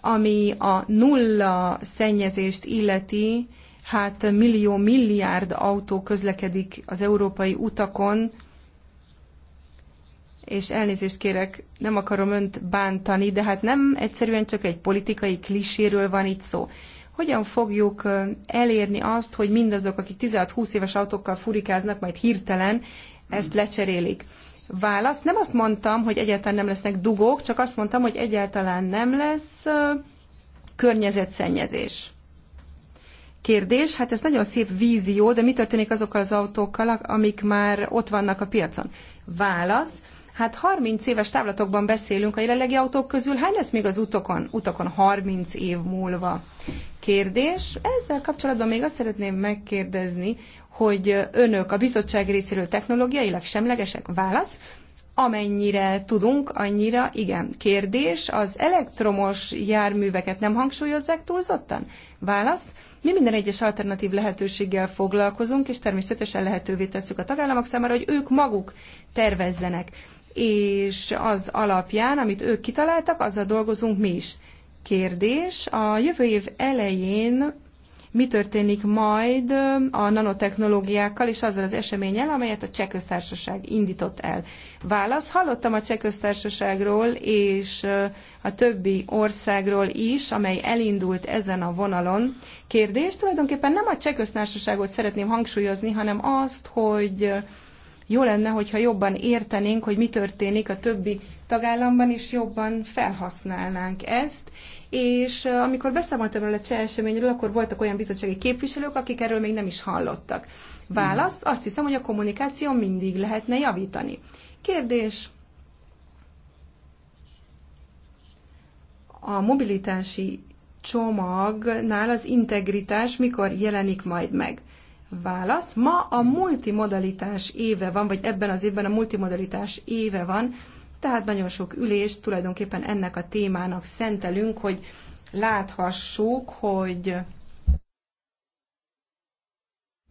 S1: Ami a nulla szennyezést illeti, hát millió milliárd autó közlekedik az európai utakon, és elnézést kérek, nem akarom önt bántani, de hát nem egyszerűen csak egy politikai kliséről van itt szó hogyan fogjuk elérni azt, hogy mindazok, akik 16-20 éves autókkal furikáznak, majd hirtelen ezt lecserélik. Válasz, nem azt mondtam, hogy egyáltalán nem lesznek dugók, csak azt mondtam, hogy egyáltalán nem lesz környezetszennyezés. Kérdés, hát ez nagyon szép vízió, de mi történik azokkal az autókkal, amik már ott vannak a piacon? Válasz, hát 30 éves távlatokban beszélünk a jelenlegi autók közül, hány lesz még az utokon? Utokon 30 év múlva kérdés. Ezzel kapcsolatban még azt szeretném megkérdezni, hogy önök a bizottság részéről technológiailag semlegesek? Válasz. Amennyire tudunk, annyira igen. Kérdés, az elektromos járműveket nem hangsúlyozzák túlzottan? Válasz. Mi minden egyes alternatív lehetőséggel foglalkozunk, és természetesen lehetővé tesszük a tagállamok számára, hogy ők maguk tervezzenek. És az alapján, amit ők kitaláltak, azzal dolgozunk mi is kérdés. A jövő év elején mi történik majd a nanotechnológiákkal és azzal az eseményel, amelyet a cseh köztársaság indított el. Válasz, hallottam a cseh köztársaságról és a többi országról is, amely elindult ezen a vonalon. Kérdés, tulajdonképpen nem a cseh köztársaságot szeretném hangsúlyozni, hanem azt, hogy jó lenne, hogyha jobban értenénk, hogy mi történik a többi tagállamban, és jobban felhasználnánk ezt, és amikor beszámoltam erről a cseh eseményről, akkor voltak olyan bizottsági képviselők, akik erről még nem is hallottak. Válasz, azt hiszem, hogy a kommunikáció mindig lehetne javítani. Kérdés, a mobilitási csomagnál az integritás mikor jelenik majd meg? Válasz, ma a multimodalitás éve van, vagy ebben az évben a multimodalitás éve van, tehát nagyon sok ülést tulajdonképpen ennek a témának szentelünk, hogy láthassuk, hogy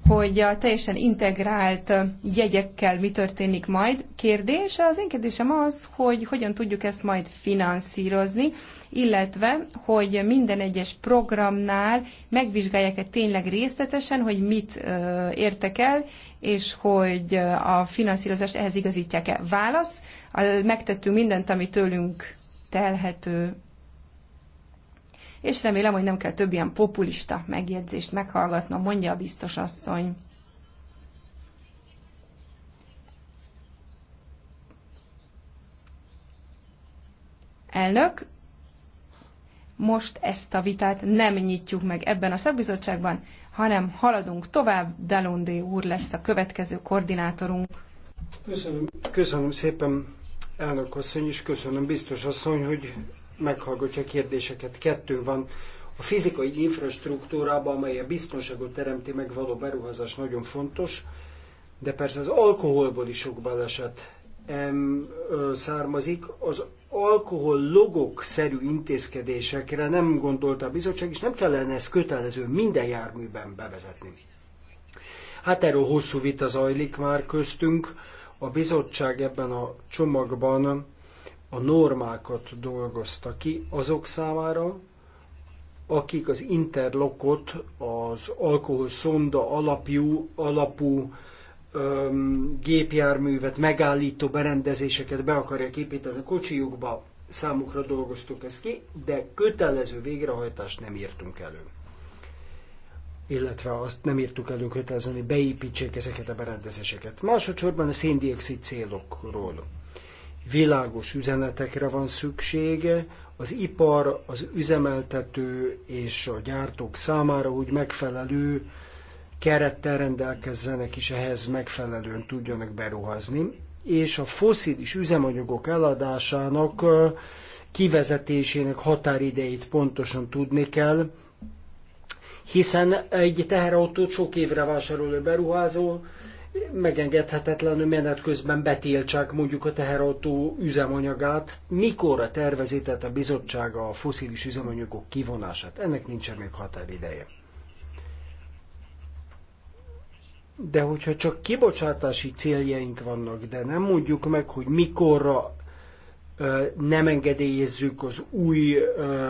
S1: hogy a teljesen integrált jegyekkel mi történik majd. Kérdés, az én kérdésem az, hogy hogyan tudjuk ezt majd finanszírozni, illetve, hogy minden egyes programnál megvizsgálják-e tényleg részletesen, hogy mit értek el, és hogy a finanszírozást ehhez igazítják-e. Válasz, megtettünk mindent, ami tőlünk telhető. És remélem, hogy nem kell több ilyen populista megjegyzést meghallgatnom, mondja a biztos asszony. Elnök, most ezt a vitát nem nyitjuk meg ebben a szakbizottságban, hanem haladunk tovább. Delondé úr lesz a következő koordinátorunk.
S2: Köszönöm, köszönöm szépen. Elnök asszony és köszönöm, biztos asszony, hogy meghallgatja a kérdéseket. Kettő van. A fizikai infrastruktúrában, amely a biztonságot teremti meg, való beruházás nagyon fontos, de persze az alkoholból is sok baleset em, ö, származik. Az alkohol logok szerű intézkedésekre nem gondolta a bizottság, és nem kellene ezt kötelező minden járműben bevezetni. Hát erről hosszú vita zajlik már köztünk a bizottság ebben a csomagban a normákat dolgozta ki azok számára, akik az interlokot, az szonda alapjú, alapú öm, gépjárművet megállító berendezéseket be akarják építeni a kocsijukba, számukra dolgoztuk ezt ki, de kötelező végrehajtást nem írtunk elő illetve azt nem írtuk elő kötelezően, hogy beépítsék ezeket a berendezéseket. Másodszorban a széndiokszid célokról. Világos üzenetekre van szüksége, az ipar, az üzemeltető és a gyártók számára úgy megfelelő kerettel rendelkezzenek, és ehhez megfelelően tudjanak beruházni. És a foszilis üzemanyagok eladásának kivezetésének határidejét pontosan tudni kell, hiszen egy teherautó sok évre vásárolő beruházó megengedhetetlen, hogy menet közben betiltsák mondjuk a teherautó üzemanyagát. Mikor a tehát a bizottsága a foszilis üzemanyagok kivonását? Ennek nincsen még határideje. De hogyha csak kibocsátási céljaink vannak, de nem mondjuk meg, hogy mikorra nem engedélyezzük az új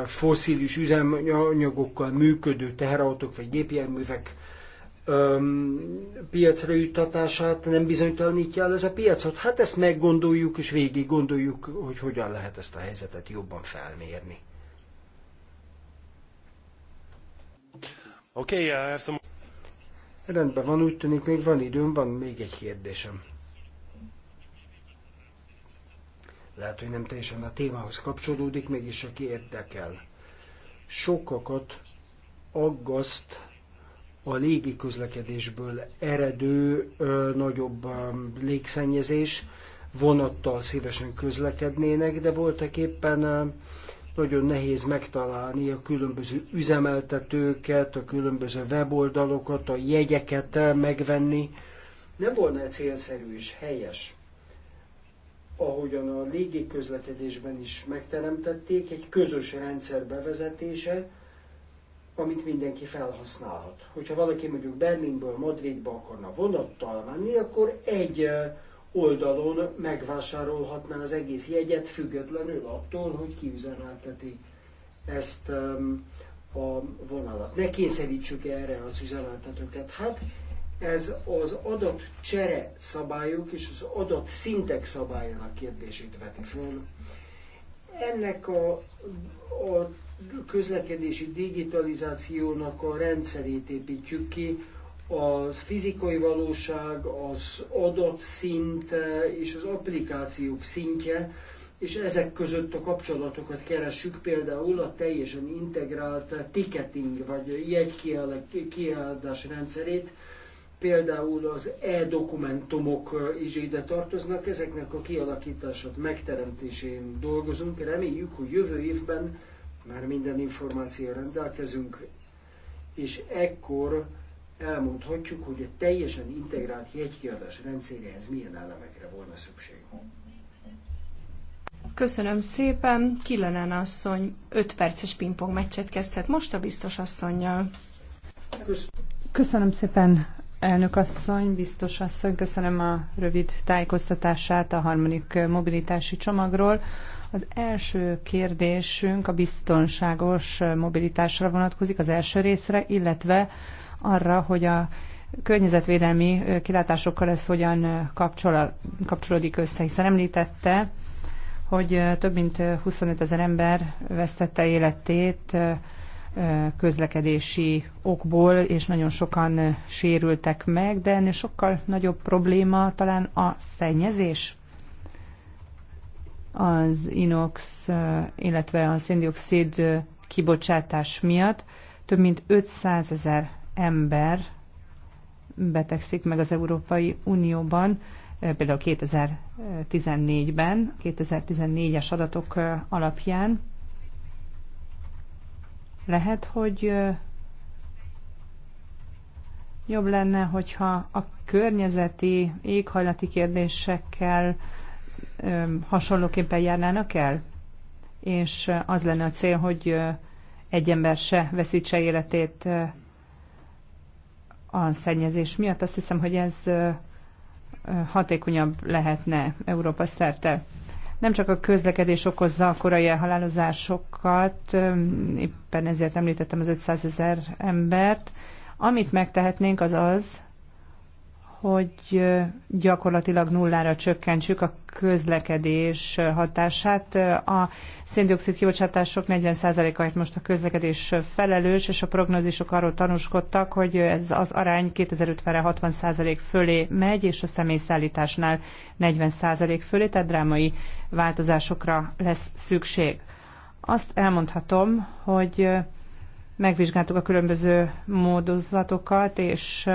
S2: fosszilis üzemanyagokkal működő teherautók vagy gépjárművek piacra juttatását, nem bizonytalanítja el ez a piacot? Hát ezt meggondoljuk és végig gondoljuk, hogy hogyan lehet ezt a helyzetet jobban felmérni. Oké, okay, some... Rendben van, úgy tűnik még van időm, van még egy kérdésem. Lehet, hogy nem teljesen a témához kapcsolódik, mégis aki érdekel. Sokakat aggaszt a légiközlekedésből eredő ö, nagyobb ö, légszennyezés, vonattal szívesen közlekednének, de voltak éppen ö, nagyon nehéz megtalálni a különböző üzemeltetőket, a különböző weboldalokat, a jegyeket megvenni. Nem volna célszerű és helyes, ahogyan a légiközlekedésben is megteremtették, egy közös rendszer bevezetése, amit mindenki felhasználhat. Hogyha valaki mondjuk Berlinből Madridba akarna vonattal menni, akkor egy oldalon megvásárolhatná az egész jegyet, függetlenül attól, hogy kiüzemelteti ezt a vonalat. Ne kényszerítsük erre az üzemeltetőket. Hát ez az adatcsere szabályok és az adat szintek szabályának kérdését veti föl. Ennek a, a közlekedési digitalizációnak a rendszerét építjük ki, a fizikai valóság, az adatszint eh, és az applikációk szintje, és ezek között a kapcsolatokat keressük, például a teljesen integrált ticketing vagy jegykiállás rendszerét, például az e-dokumentumok eh, is ide tartoznak, ezeknek a kialakítását, megteremtésén dolgozunk. Reméljük, hogy jövő évben már minden információ rendelkezünk, és ekkor elmondhatjuk, hogy a teljesen integrált jegykiadás rendszeréhez milyen elemekre volna szükség.
S1: Köszönöm szépen. Killenen asszony 5 perces pingpong meccset kezdhet most a biztos asszonynal.
S3: Köszönöm szépen, Elnök asszony, biztos asszony, köszönöm a rövid tájékoztatását a harmadik mobilitási csomagról. Az első kérdésünk a biztonságos mobilitásra vonatkozik az első részre, illetve arra, hogy a környezetvédelmi kilátásokkal ez hogyan kapcsolódik össze, hiszen említette, hogy több mint 25 ezer ember vesztette életét közlekedési okból, és nagyon sokan sérültek meg, de ennél sokkal nagyobb probléma talán a szennyezés. Az inox, illetve a széndiokszid kibocsátás miatt több mint 500 ezer ember betegszik meg az Európai Unióban, például 2014-ben, 2014-es adatok alapján lehet, hogy jobb lenne, hogyha a környezeti, éghajlati kérdésekkel hasonlóképpen járnának el? És az lenne a cél, hogy egy ember se veszítse életét a szennyezés miatt. Azt hiszem, hogy ez hatékonyabb lehetne Európa szerte nem csak a közlekedés okozza a korai elhalálozásokat, éppen ezért említettem az 500 ezer embert. Amit megtehetnénk az az, hogy gyakorlatilag nullára csökkentsük a közlekedés hatását. A széndiokszid kibocsátások 40 ait most a közlekedés felelős, és a prognózisok arról tanúskodtak, hogy ez az arány 2050-re 60% fölé megy, és a személyszállításnál 40% fölé, tehát drámai változásokra lesz szükség. Azt elmondhatom, hogy megvizsgáltuk a különböző módozatokat, és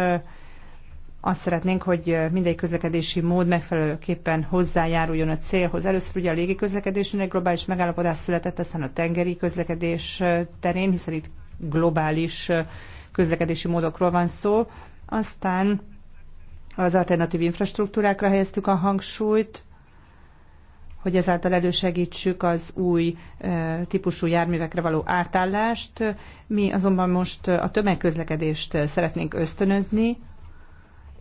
S3: azt szeretnénk, hogy minden közlekedési mód megfelelőképpen hozzájáruljon a célhoz. Először ugye a légi közlekedésön egy globális megállapodás született, aztán a tengeri közlekedés terén, hiszen itt globális közlekedési módokról van szó. Aztán az alternatív infrastruktúrákra helyeztük a hangsúlyt, hogy ezáltal elősegítsük az új típusú járművekre való átállást. Mi azonban most a tömegközlekedést szeretnénk ösztönözni,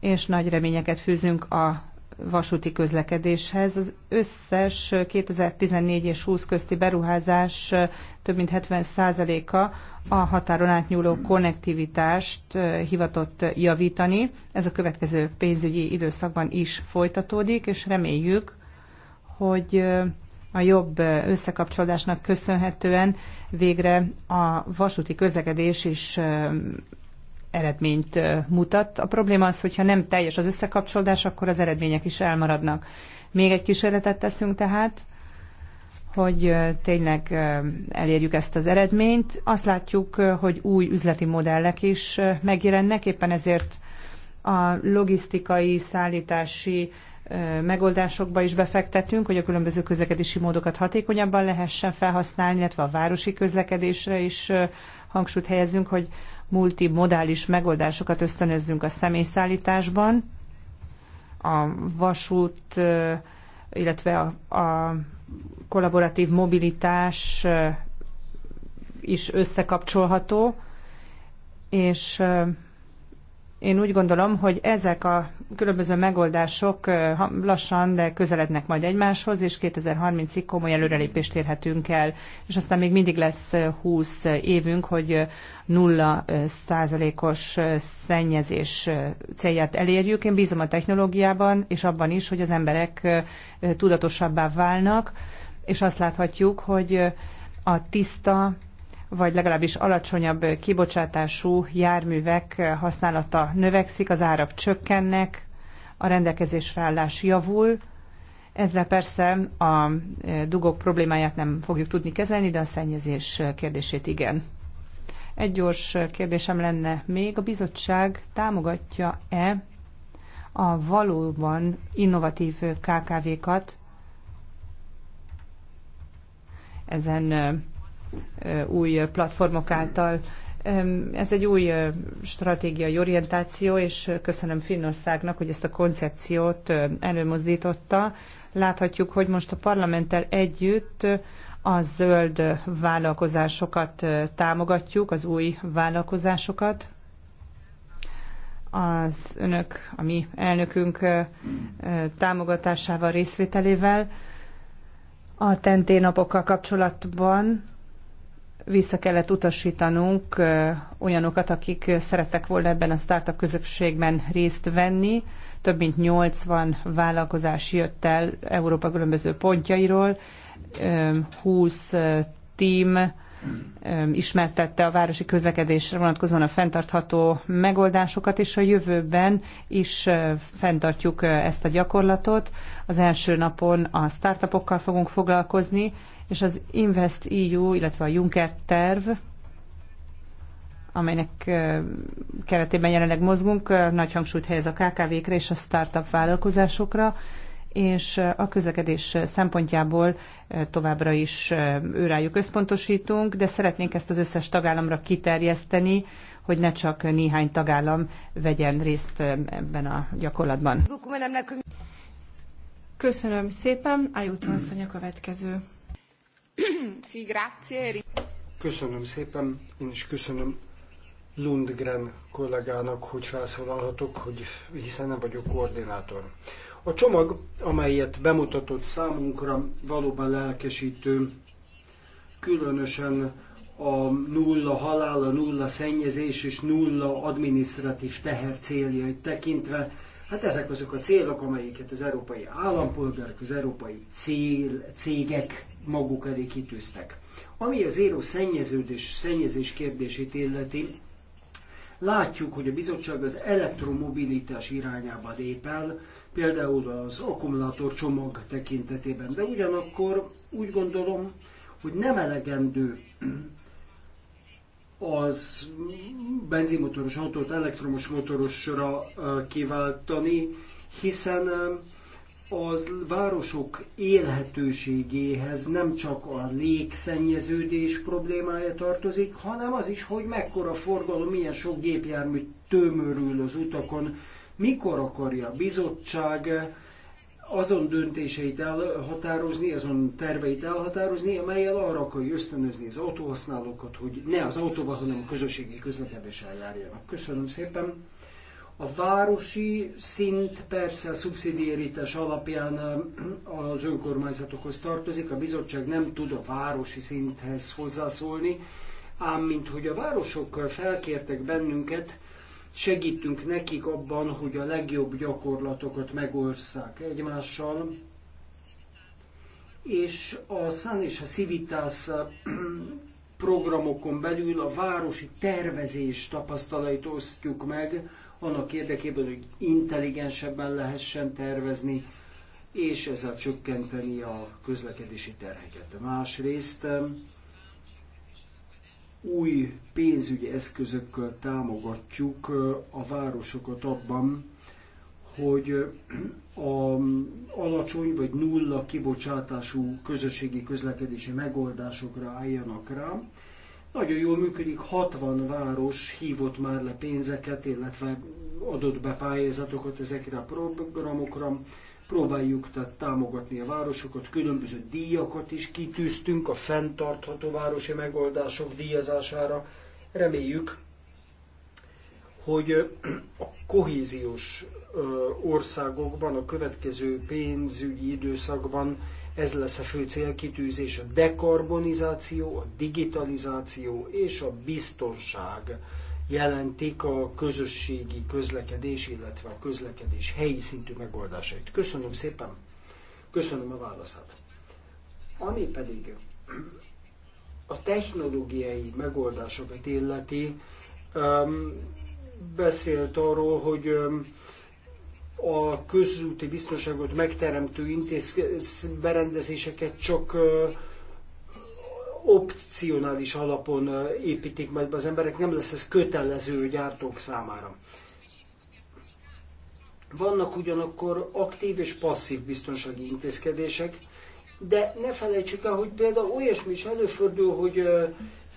S3: és nagy reményeket fűzünk a vasúti közlekedéshez. Az összes 2014 és 20 közti beruházás több mint 70%-a a határon átnyúló konnektivitást hivatott javítani. Ez a következő pénzügyi időszakban is folytatódik, és reméljük, hogy a jobb összekapcsolódásnak köszönhetően végre a vasúti közlekedés is eredményt mutat. A probléma az, hogyha nem teljes az összekapcsolódás, akkor az eredmények is elmaradnak. Még egy kísérletet teszünk tehát, hogy tényleg elérjük ezt az eredményt. Azt látjuk, hogy új üzleti modellek is megjelennek, éppen ezért a logisztikai, szállítási megoldásokba is befektetünk, hogy a különböző közlekedési módokat hatékonyabban lehessen felhasználni, illetve a városi közlekedésre is hangsúlyt helyezünk, hogy multimodális megoldásokat ösztönözzünk a személyszállításban, a vasút, illetve a, a kollaboratív mobilitás is összekapcsolható, és én úgy gondolom, hogy ezek a különböző megoldások lassan, de közelednek majd egymáshoz, és 2030-ig komoly előrelépést érhetünk el, és aztán még mindig lesz 20 évünk, hogy nulla százalékos szennyezés célját elérjük. Én bízom a technológiában, és abban is, hogy az emberek tudatosabbá válnak, és azt láthatjuk, hogy a tiszta, vagy legalábbis alacsonyabb kibocsátású járművek használata növekszik, az árak csökkennek, a rendelkezésre állás javul. Ezzel persze a e, dugók problémáját nem fogjuk tudni kezelni, de a szennyezés kérdését igen. Egy gyors kérdésem lenne még, a bizottság támogatja-e a valóban innovatív KKV-kat ezen e, új platformok által. Ez egy új stratégiai orientáció, és köszönöm Finnországnak, hogy ezt a koncepciót előmozdította. Láthatjuk, hogy most a parlamenttel együtt a zöld vállalkozásokat támogatjuk, az új vállalkozásokat. Az önök, a mi elnökünk támogatásával, részvételével a tenténapokkal kapcsolatban vissza kellett utasítanunk olyanokat, akik szerettek volna ebben a startup közösségben részt venni. Több mint 80 vállalkozás jött el Európa különböző pontjairól, 20 team ismertette a városi közlekedésre vonatkozóan a fenntartható megoldásokat, és a jövőben is fenntartjuk ezt a gyakorlatot. Az első napon a startupokkal fogunk foglalkozni, és az Invest EU, illetve a Juncker terv, amelynek keretében jelenleg mozgunk, nagy hangsúlyt helyez a KKV-kre és a startup vállalkozásokra, és a közlekedés szempontjából továbbra is őrájuk összpontosítunk, de szeretnénk ezt az összes tagállamra kiterjeszteni, hogy ne csak néhány tagállam vegyen részt ebben a
S2: gyakorlatban.
S1: Köszönöm szépen, Ájúton a következő.
S2: Köszönöm szépen, én is köszönöm Lundgren kollégának, hogy felszólalhatok, hogy, hiszen nem vagyok koordinátor. A csomag, amelyet bemutatott számunkra, valóban lelkesítő, különösen a nulla halál, a nulla szennyezés és nulla adminisztratív teher céljait tekintve, Hát ezek azok a célok, amelyeket az európai állampolgárok, az európai cél, cégek maguk elé kitűztek. Ami az éró szennyeződés, szennyezés kérdését illeti, látjuk, hogy a bizottság az elektromobilitás irányába lép el, például az akkumulátor csomag tekintetében, de ugyanakkor úgy gondolom, hogy nem elegendő az benzinmotoros autót elektromos motorosra kiváltani, hiszen az városok élhetőségéhez nem csak a légszennyeződés problémája tartozik, hanem az is, hogy mekkora forgalom, milyen sok gépjármű tömörül az utakon, mikor akarja a bizottság azon döntéseit elhatározni, azon terveit elhatározni, amelyel arra akarja ösztönözni az autóhasználókat, hogy ne az autóval, hanem a közösségi közlekedéssel járjanak. Köszönöm szépen. A városi szint persze a szubszidiaritás alapján az önkormányzatokhoz tartozik, a bizottság nem tud a városi szinthez hozzászólni, ám mint hogy a városok felkértek bennünket, segítünk nekik abban, hogy a legjobb gyakorlatokat megosszák egymással, és a Szán és a Civitas programokon belül a városi tervezés tapasztalait osztjuk meg, annak érdekében, hogy intelligensebben lehessen tervezni, és ezzel csökkenteni a közlekedési terheket. Másrészt új pénzügyi eszközökkel támogatjuk a városokat abban, hogy a alacsony vagy nulla kibocsátású közösségi közlekedési megoldásokra álljanak rá. Nagyon jól működik, 60 város hívott már le pénzeket, illetve adott be pályázatokat ezekre a programokra. Próbáljuk tehát támogatni a városokat, különböző díjakat is kitűztünk a fenntartható városi megoldások díjazására. Reméljük, hogy a kohéziós országokban a következő pénzügyi időszakban ez lesz a fő célkitűzés, a dekarbonizáció, a digitalizáció és a biztonság jelentik a közösségi közlekedés, illetve a közlekedés helyi szintű megoldásait. Köszönöm szépen, köszönöm a válaszát. Ami pedig a technológiai megoldásokat illeti, beszélt arról, hogy a közúti biztonságot megteremtő intéz berendezéseket csak opcionális alapon építik majd be az emberek, nem lesz ez kötelező gyártók számára. Vannak ugyanakkor aktív és passzív biztonsági intézkedések, de ne felejtsük el, hogy például olyasmi is előfordul, hogy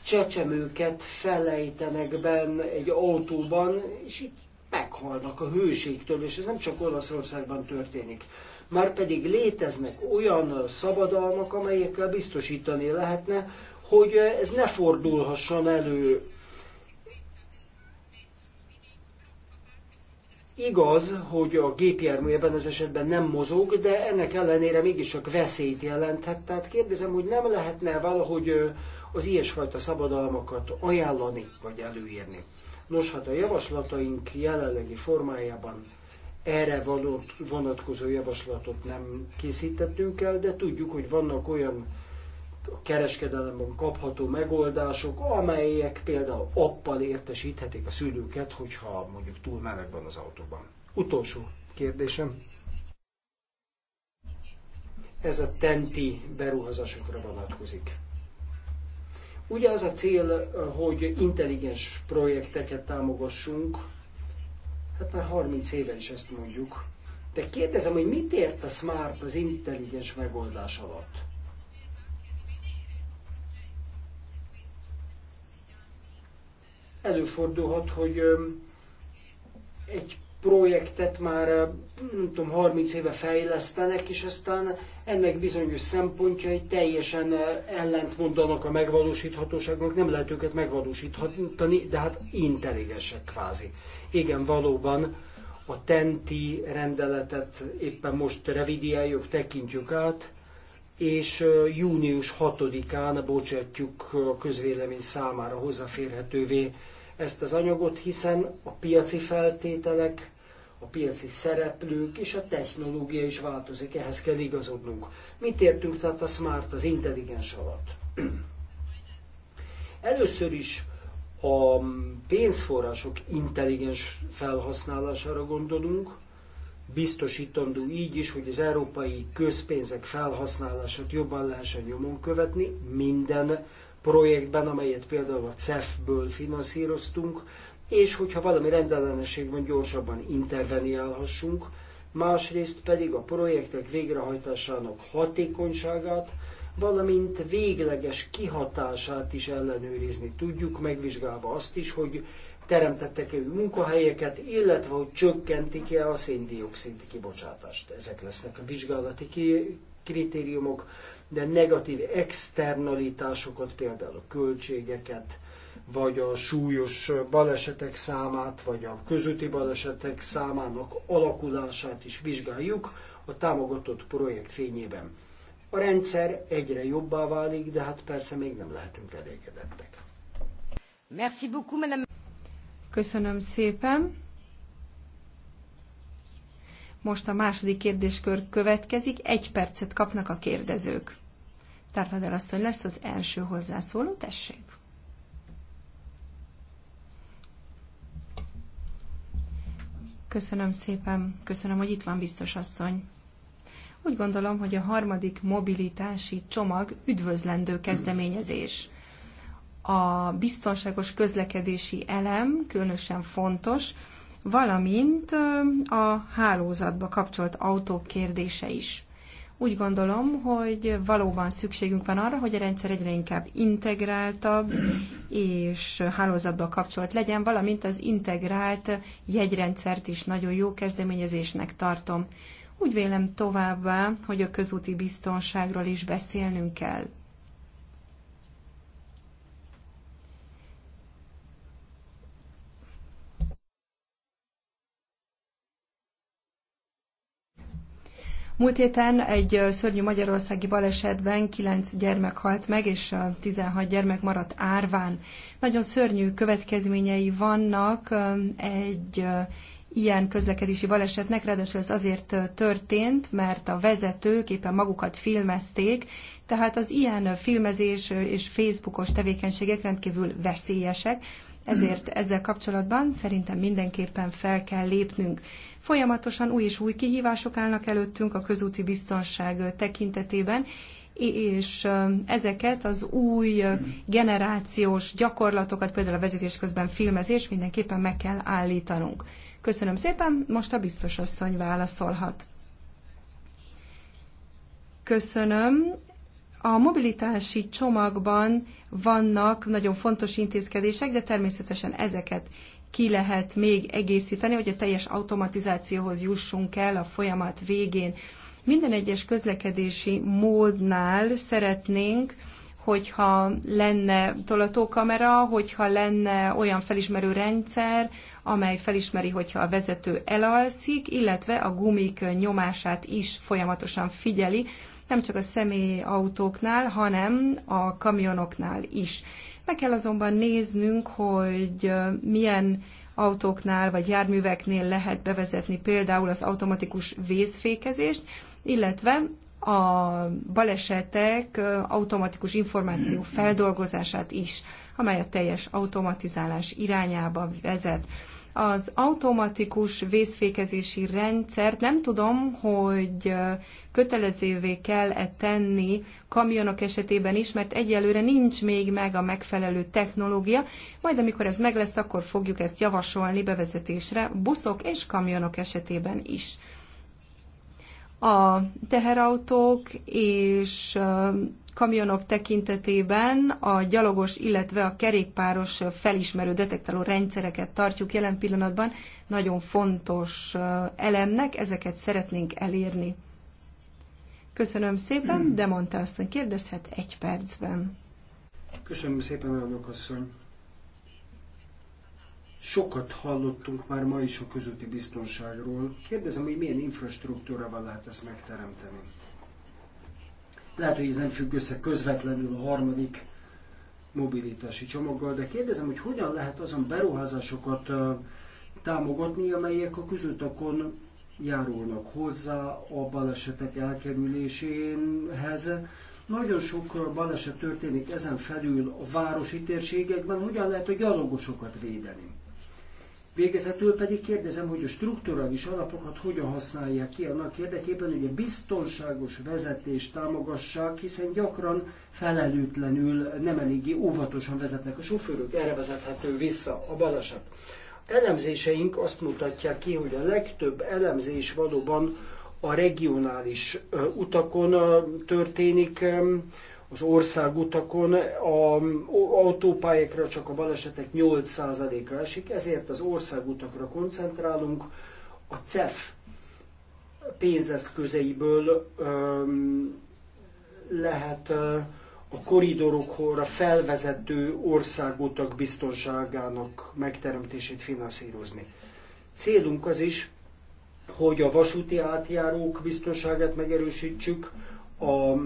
S2: csecsemőket felejtenek benne egy autóban, és itt meghalnak a hőségtől, és ez nem csak Olaszországban történik. Márpedig léteznek olyan szabadalmak, amelyekkel biztosítani lehetne, hogy ez ne fordulhasson elő. Igaz, hogy a gépjármű ebben az esetben nem mozog, de ennek ellenére mégiscsak veszélyt jelenthet. Tehát kérdezem, hogy nem lehetne valahogy az ilyesfajta szabadalmakat ajánlani vagy előírni. Nos, hát a javaslataink jelenlegi formájában erre vonatkozó javaslatot nem készítettünk el, de tudjuk, hogy vannak olyan kereskedelemben kapható megoldások, amelyek például appal értesíthetik a szülőket, hogyha mondjuk túl meleg van az autóban. Utolsó kérdésem. Ez a tenti beruházásokra vonatkozik. Ugye az a cél, hogy intelligens projekteket támogassunk, hát már 30 éven is ezt mondjuk. De kérdezem, hogy mit ért a smart az intelligens megoldás alatt? Előfordulhat, hogy egy projektet már eh, nem tudom, 30 éve fejlesztenek, és aztán ennek bizonyos szempontjai teljesen eh, ellent mondanak a megvalósíthatóságnak, nem lehet őket megvalósítani, de hát intelligensek kvázi. Igen, valóban a tenti rendeletet éppen most revidiáljuk, tekintjük át, és eh, június 6-án bocsátjuk a közvélemény számára hozzáférhetővé ezt az anyagot, hiszen a piaci feltételek a piaci szereplők és a technológia is változik, ehhez kell igazodnunk. Mit értünk tehát a smart, az intelligens alatt? Először is a pénzforrások intelligens felhasználására gondolunk, biztosítandó így is, hogy az európai közpénzek felhasználását jobban lehessen nyomon követni minden projektben, amelyet például a CEF-ből finanszíroztunk, és hogyha valami rendellenesség van, gyorsabban interveniálhassunk, másrészt pedig a projektek végrehajtásának hatékonyságát, valamint végleges kihatását is ellenőrizni tudjuk, megvizsgálva azt is, hogy teremtettek-e munkahelyeket, illetve hogy csökkentik-e a széndiokszint kibocsátást. Ezek lesznek a vizsgálati kritériumok, de negatív externalitásokat, például a költségeket, vagy a súlyos balesetek számát, vagy a közúti balesetek számának alakulását is vizsgáljuk a támogatott projekt fényében. A rendszer egyre jobbá válik, de hát persze még nem lehetünk elégedettek.
S1: Merci beaucoup, madame. Köszönöm szépen. Most a második kérdéskör következik. Egy percet kapnak a kérdezők. Tárpadel asszony lesz az első hozzászóló, tessék. Köszönöm szépen, köszönöm, hogy itt van biztos asszony. Úgy gondolom, hogy a harmadik mobilitási csomag üdvözlendő kezdeményezés. A biztonságos közlekedési elem különösen fontos, valamint a hálózatba kapcsolt autók kérdése is. Úgy gondolom, hogy valóban szükségünk van arra, hogy a rendszer egyre inkább integráltabb és hálózatba kapcsolt legyen, valamint az integrált jegyrendszert is nagyon jó kezdeményezésnek tartom. Úgy vélem továbbá, hogy a közúti biztonságról is beszélnünk kell. Múlt héten egy szörnyű magyarországi balesetben kilenc gyermek halt meg, és 16 gyermek maradt árván. Nagyon szörnyű következményei vannak egy ilyen közlekedési balesetnek, ráadásul ez azért történt, mert a vezetők éppen magukat filmezték, tehát az ilyen filmezés és Facebookos tevékenységek rendkívül veszélyesek, ezért ezzel kapcsolatban szerintem mindenképpen fel kell lépnünk. Folyamatosan új és új kihívások állnak előttünk a közúti biztonság tekintetében, és ezeket az új generációs gyakorlatokat, például a vezetés közben filmezés mindenképpen meg kell állítanunk. Köszönöm szépen, most a biztos asszony válaszolhat. Köszönöm. A mobilitási csomagban vannak nagyon fontos intézkedések, de természetesen ezeket ki lehet még egészíteni, hogy a teljes automatizációhoz jussunk el a folyamat végén. Minden egyes közlekedési módnál szeretnénk, hogyha lenne tolatókamera, hogyha lenne olyan felismerő rendszer, amely felismeri, hogyha a vezető elalszik, illetve a gumik nyomását is folyamatosan figyeli, nem csak a személyi autóknál, hanem a kamionoknál is. Meg kell azonban néznünk, hogy milyen autóknál vagy járműveknél lehet bevezetni például az automatikus vészfékezést, illetve a balesetek automatikus információ feldolgozását is, amely a teljes automatizálás irányába vezet az automatikus vészfékezési rendszert nem tudom, hogy kötelezővé kell-e tenni kamionok esetében is, mert egyelőre nincs még meg a megfelelő technológia. Majd amikor ez meg lesz, akkor fogjuk ezt javasolni bevezetésre buszok és kamionok esetében is. A teherautók és kamionok tekintetében a gyalogos, illetve a kerékpáros felismerő detektáló rendszereket tartjuk jelen pillanatban nagyon fontos elemnek, ezeket szeretnénk elérni. Köszönöm szépen, hmm. de mondta hogy kérdezhet egy percben.
S2: Köszönöm szépen, elnök asszony. Sokat hallottunk már ma is a közötti biztonságról. Kérdezem, hogy milyen infrastruktúra van, lehet ezt megteremteni. Lehet, hogy ez nem függ össze közvetlenül a harmadik mobilitási csomaggal, de kérdezem, hogy hogyan lehet azon beruházásokat támogatni, amelyek a közötakon járulnak hozzá a balesetek elkerüléséhez. Nagyon sok baleset történik ezen felül a városi térségekben, hogyan lehet a gyalogosokat védeni. Végezetül pedig kérdezem, hogy a strukturális alapokat hogyan használják ki annak érdekében, hogy a biztonságos vezetést támogassák, hiszen gyakran felelőtlenül, nem eléggé óvatosan vezetnek a sofőrök. Erre vezethető vissza a baleset. Elemzéseink azt mutatják ki, hogy a legtöbb elemzés valóban a regionális utakon történik, az országutakon, a autópályákra csak a balesetek 8%-a esik, ezért az országutakra koncentrálunk. A CEF pénzeszközeiből öm, lehet ö, a koridorokra felvezető országutak biztonságának megteremtését finanszírozni. Célunk az is, hogy a vasúti átjárók biztonságát megerősítsük, a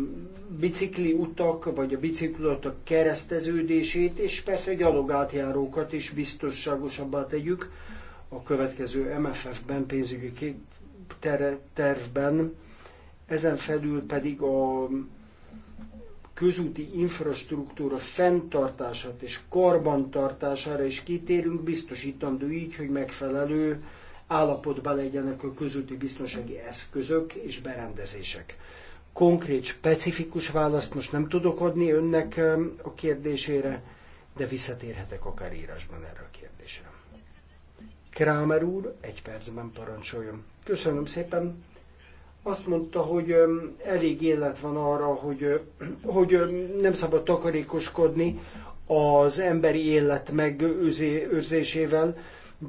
S2: bicikli utak vagy a biciklutak kereszteződését, és persze gyalogátjárókat is biztonságosabbá tegyük a következő MFF-ben, pénzügyi tervben. Ezen felül pedig a közúti infrastruktúra fenntartását és karbantartására is kitérünk, biztosítandó így, hogy megfelelő állapotban legyenek a közúti biztonsági eszközök és berendezések konkrét, specifikus választ most nem tudok adni önnek a kérdésére, de visszatérhetek akár írásban erre a kérdésre. Krámer úr, egy percben parancsoljon. Köszönöm szépen. Azt mondta, hogy elég élet van arra, hogy, hogy nem szabad takarékoskodni az emberi élet megőrzésével,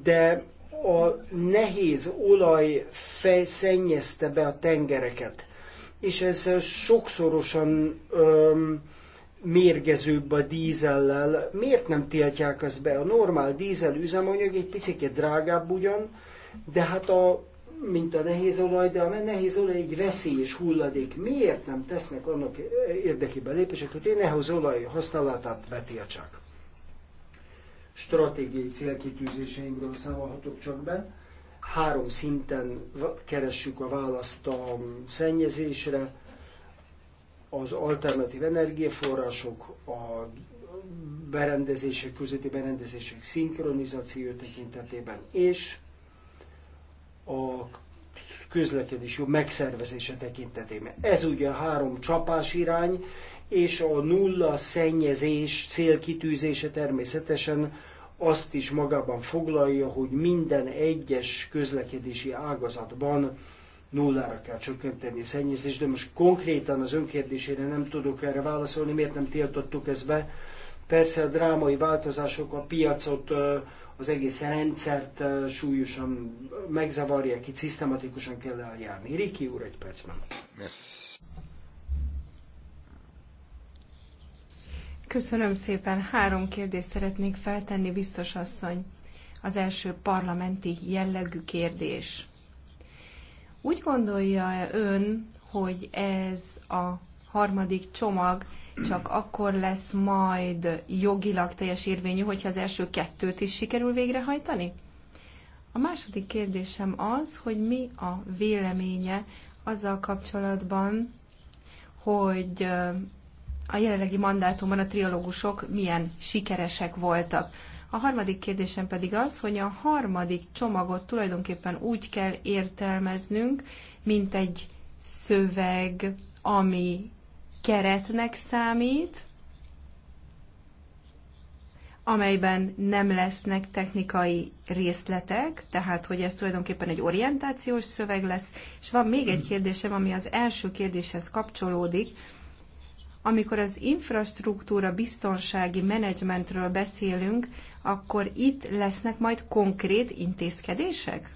S2: de a nehéz olaj fej szennyezte be a tengereket és ez sokszorosan öm, mérgezőbb a dízellel. Miért nem tiltják ezt be? A normál dízel üzemanyag egy picit drágább ugyan, de hát a mint a nehéz olaj, de a nehéz olaj egy veszélyes hulladék. Miért nem tesznek annak érdekében lépéseket, hogy a nehéz olaj használatát betiltsák? Stratégiai célkitűzéseimről számolhatok csak be három szinten keressük a választ a szennyezésre, az alternatív energiaforrások, a berendezések, közötti berendezések szinkronizáció tekintetében, és a közlekedés jobb megszervezése tekintetében. Ez ugye a három csapás irány, és a nulla szennyezés célkitűzése természetesen azt is magában foglalja, hogy minden egyes közlekedési ágazatban nullára kell csökkenteni a szennyezést, de most konkrétan az önkérdésére nem tudok erre válaszolni, miért nem tiltottuk ezt be. Persze a drámai változások a piacot, az egész rendszert súlyosan megzavarják, itt szisztematikusan kell eljárni. Riki úr, egy percben. Yes.
S1: Köszönöm szépen. Három kérdést szeretnék feltenni, biztos asszony. Az első parlamenti jellegű kérdés. Úgy gondolja ön, hogy ez a harmadik csomag csak akkor lesz majd jogilag teljes érvényű, hogyha az első kettőt is sikerül végrehajtani? A második kérdésem az, hogy mi a véleménye azzal kapcsolatban, hogy a jelenlegi mandátumban a triológusok milyen sikeresek voltak. A harmadik kérdésem pedig az, hogy a harmadik csomagot tulajdonképpen úgy kell értelmeznünk, mint egy szöveg, ami keretnek számít, amelyben nem lesznek technikai részletek, tehát hogy ez tulajdonképpen egy orientációs szöveg lesz. És van még egy kérdésem, ami az első kérdéshez kapcsolódik, amikor az infrastruktúra biztonsági menedzsmentről beszélünk, akkor itt lesznek majd konkrét intézkedések?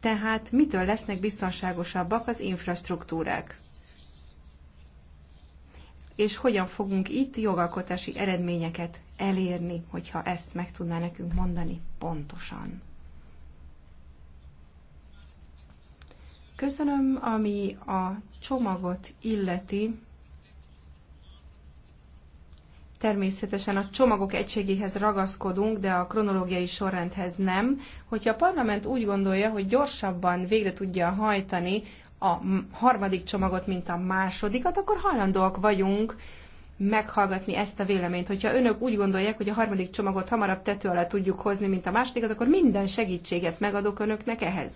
S1: Tehát mitől lesznek biztonságosabbak az infrastruktúrák? És hogyan fogunk itt jogalkotási eredményeket elérni, hogyha ezt meg tudná nekünk mondani pontosan? Köszönöm, ami a csomagot illeti. Természetesen a csomagok egységéhez ragaszkodunk, de a kronológiai sorrendhez nem. Hogyha a parlament úgy gondolja, hogy gyorsabban végre tudja hajtani a harmadik csomagot, mint a másodikat, akkor hajlandóak vagyunk meghallgatni ezt a véleményt. Hogyha önök úgy gondolják, hogy a harmadik csomagot hamarabb tető alá tudjuk hozni, mint a másodikat, akkor minden segítséget megadok önöknek ehhez.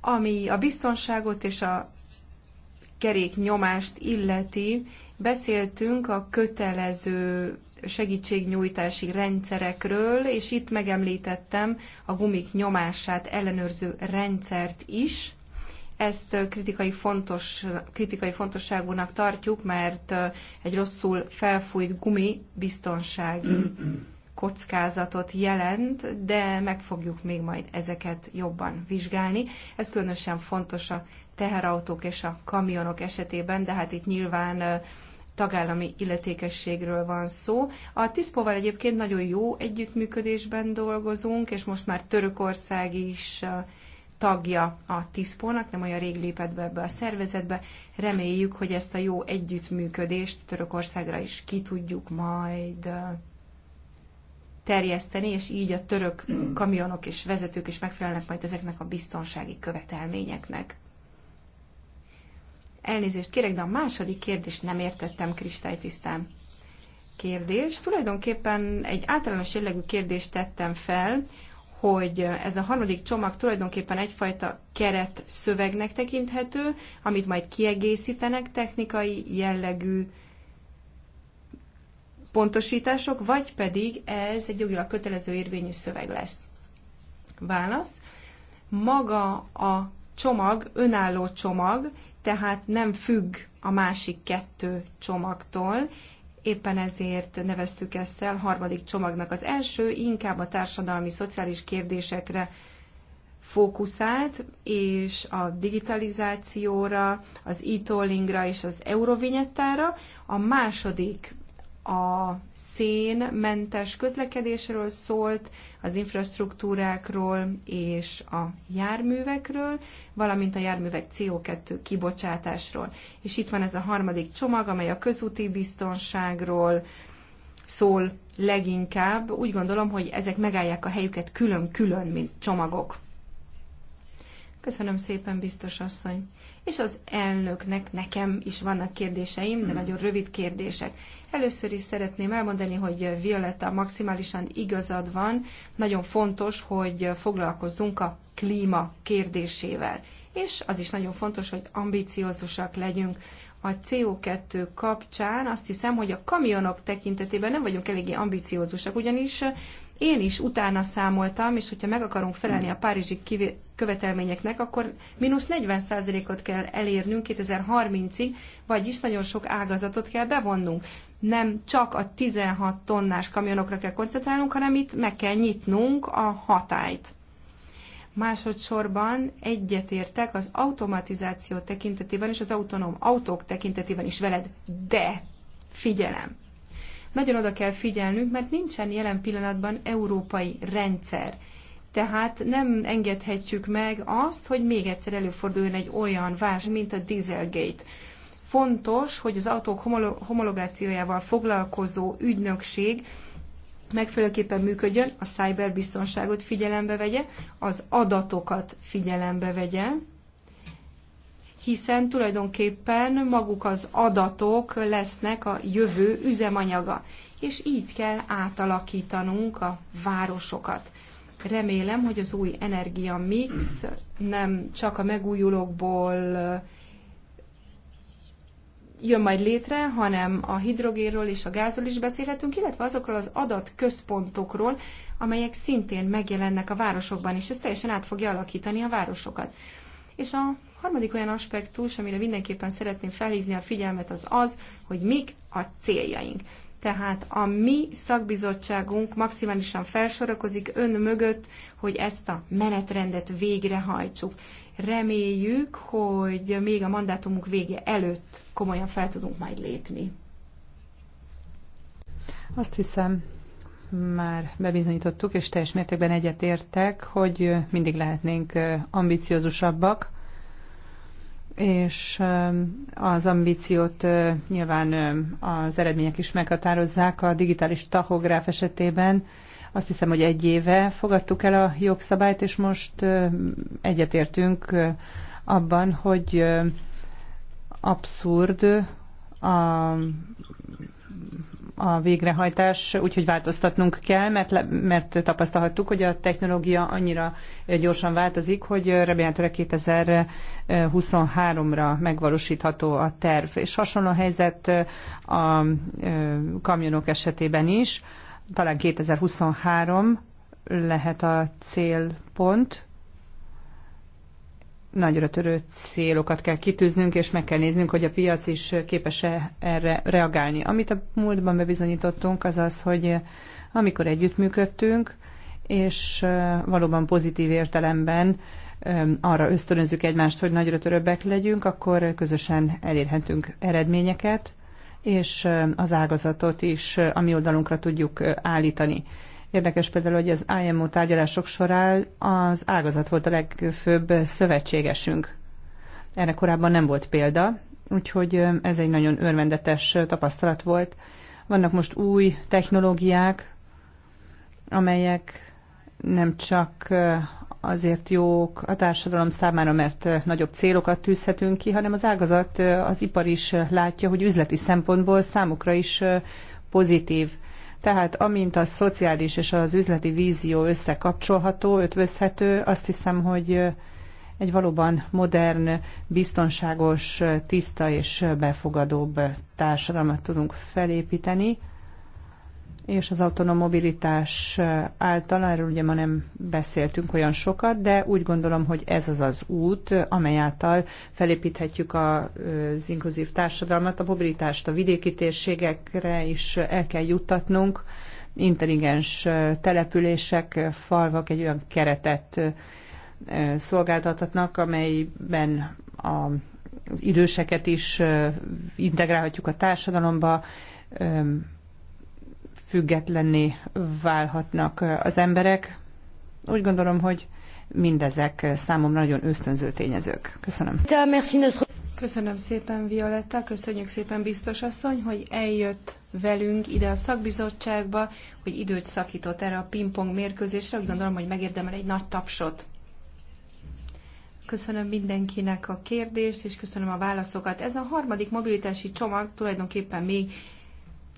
S1: Ami a biztonságot és a kerék nyomást illeti, Beszéltünk a kötelező segítségnyújtási rendszerekről, és itt megemlítettem a gumik nyomását ellenőrző rendszert is. Ezt kritikai, fontos, kritikai fontosságúnak tartjuk, mert egy rosszul felfújt gumi biztonsági kockázatot jelent, de meg fogjuk még majd ezeket jobban vizsgálni. Ez különösen fontos a teherautók és a kamionok esetében, de hát itt nyilván tagállami illetékességről van szó. A TISZPOVAL egyébként nagyon jó együttműködésben dolgozunk, és most már Törökország is tagja a TISZPONak, nem olyan rég lépett be ebbe a szervezetbe. Reméljük, hogy ezt a jó együttműködést Törökországra is ki tudjuk majd terjeszteni, és így a török kamionok és vezetők is megfelelnek majd ezeknek a biztonsági követelményeknek. Elnézést kérek, de a második kérdést nem értettem kristálytisztán. Kérdés. Tulajdonképpen egy általános jellegű kérdést tettem fel, hogy ez a harmadik csomag tulajdonképpen egyfajta keret szövegnek tekinthető, amit majd kiegészítenek technikai jellegű pontosítások, vagy pedig ez egy jogilag kötelező érvényű szöveg lesz. Válasz. Maga a csomag önálló csomag, tehát nem függ a másik kettő csomagtól, éppen ezért neveztük ezt el harmadik csomagnak. Az első inkább a társadalmi-szociális kérdésekre fókuszált, és a digitalizációra, az e-tollingra és az eurovinyettára. A második a szénmentes közlekedésről szólt, az infrastruktúrákról és a járművekről, valamint a járművek CO2 kibocsátásról. És itt van ez a harmadik csomag, amely a közúti biztonságról szól leginkább. Úgy gondolom, hogy ezek megállják a helyüket külön-külön, mint csomagok. Köszönöm szépen, biztos asszony. És az elnöknek nekem is vannak kérdéseim, de nagyon rövid kérdések. Először is szeretném elmondani, hogy Violetta maximálisan igazad van. Nagyon fontos, hogy foglalkozzunk a klíma kérdésével. És az is nagyon fontos, hogy ambiciózusak legyünk a CO2 kapcsán azt hiszem, hogy a kamionok tekintetében nem vagyunk eléggé ambiciózusak, ugyanis én is utána számoltam, és hogyha meg akarunk felelni a párizsi követelményeknek, akkor mínusz 40%-ot kell elérnünk 2030-ig, vagyis nagyon sok ágazatot kell bevonnunk. Nem csak a 16 tonnás kamionokra kell koncentrálnunk, hanem itt meg kell nyitnunk a hatályt. Másodszorban egyetértek az automatizáció tekintetében és az autonóm autók tekintetében is veled, de figyelem! Nagyon oda kell figyelnünk, mert nincsen jelen pillanatban európai rendszer. Tehát nem engedhetjük meg azt, hogy még egyszer előforduljon egy olyan válság, mint a Dieselgate. Fontos, hogy az autók homologációjával foglalkozó ügynökség megfelelőképpen működjön, a cyberbiztonságot figyelembe vegye, az adatokat figyelembe vegye, hiszen tulajdonképpen maguk az adatok lesznek a jövő üzemanyaga, és így kell átalakítanunk a városokat. Remélem, hogy az új energiamix nem csak a megújulókból jön majd létre, hanem a hidrogénről és a gázról is beszélhetünk, illetve azokról az adatközpontokról, amelyek szintén megjelennek a városokban, és ez teljesen át fogja alakítani a városokat. És a Harmadik olyan aspektus, amire mindenképpen szeretném felhívni a figyelmet, az az, hogy mik a céljaink. Tehát a mi szakbizottságunk maximálisan felsorakozik ön mögött, hogy ezt a menetrendet végrehajtsuk. Reméljük, hogy még a mandátumunk vége előtt komolyan fel tudunk majd lépni.
S3: Azt hiszem, már bebizonyítottuk, és teljes mértékben egyetértek, hogy mindig lehetnénk ambiciózusabbak és um, az ambíciót nyilván az eredmények is meghatározzák. A digitális tachográf esetében azt hiszem, hogy egy éve fogadtuk el a jogszabályt, és most egyetértünk abban, hogy abszurd a a végrehajtás, úgyhogy változtatnunk kell, mert, mert tapasztalhattuk, hogy a technológia annyira gyorsan változik, hogy remélhetőleg 2023-ra megvalósítható a terv. És hasonló helyzet a kamionok esetében is, talán 2023 lehet a célpont, nagyra törő célokat kell kitűznünk, és meg kell néznünk, hogy a piac is képes-e erre reagálni. Amit a múltban bebizonyítottunk, az az, hogy amikor együttműködtünk, és valóban pozitív értelemben arra ösztönözzük egymást, hogy nagyra törőbbek legyünk, akkor közösen elérhetünk eredményeket, és az ágazatot is a mi oldalunkra tudjuk állítani. Érdekes például, hogy az IMO tárgyalások során az ágazat volt a legfőbb szövetségesünk. Erre korábban nem volt példa, úgyhogy ez egy nagyon örvendetes tapasztalat volt. Vannak most új technológiák, amelyek nem csak azért jók a társadalom számára, mert nagyobb célokat tűzhetünk ki, hanem az ágazat, az ipar is látja, hogy üzleti szempontból számukra is pozitív tehát amint a szociális és az üzleti vízió összekapcsolható, ötvözhető, azt hiszem, hogy egy valóban modern, biztonságos, tiszta és befogadóbb társadalmat tudunk felépíteni és az autonóm mobilitás által, erről ugye ma nem beszéltünk olyan sokat, de úgy gondolom, hogy ez az az út, amely által felépíthetjük az inkluzív társadalmat, a mobilitást a vidéki térségekre is el kell juttatnunk, intelligens települések, falvak egy olyan keretet szolgáltatnak, amelyben a az időseket is integrálhatjuk a társadalomba, függetlenné válhatnak az emberek. Úgy gondolom, hogy mindezek számomra nagyon ösztönző tényezők. Köszönöm.
S1: Köszönöm szépen, Violetta, köszönjük szépen, biztos asszony, hogy eljött velünk ide a szakbizottságba, hogy időt szakított erre a pingpong mérkőzésre. Úgy gondolom, hogy megérdemel egy nagy tapsot. Köszönöm mindenkinek a kérdést, és köszönöm a válaszokat. Ez a harmadik mobilitási csomag tulajdonképpen még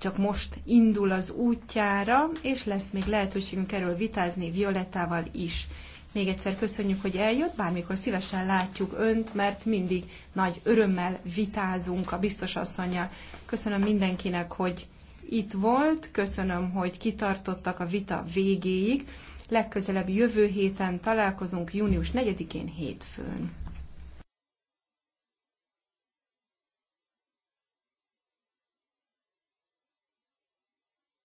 S1: csak most indul az útjára, és lesz még lehetőségünk erről vitázni Violettával is. Még egyszer köszönjük, hogy eljött, bármikor szívesen látjuk önt, mert mindig nagy örömmel vitázunk a biztos asszonynal. Köszönöm mindenkinek, hogy itt volt, köszönöm, hogy kitartottak a vita végéig. Legközelebb jövő héten találkozunk, június 4-én hétfőn.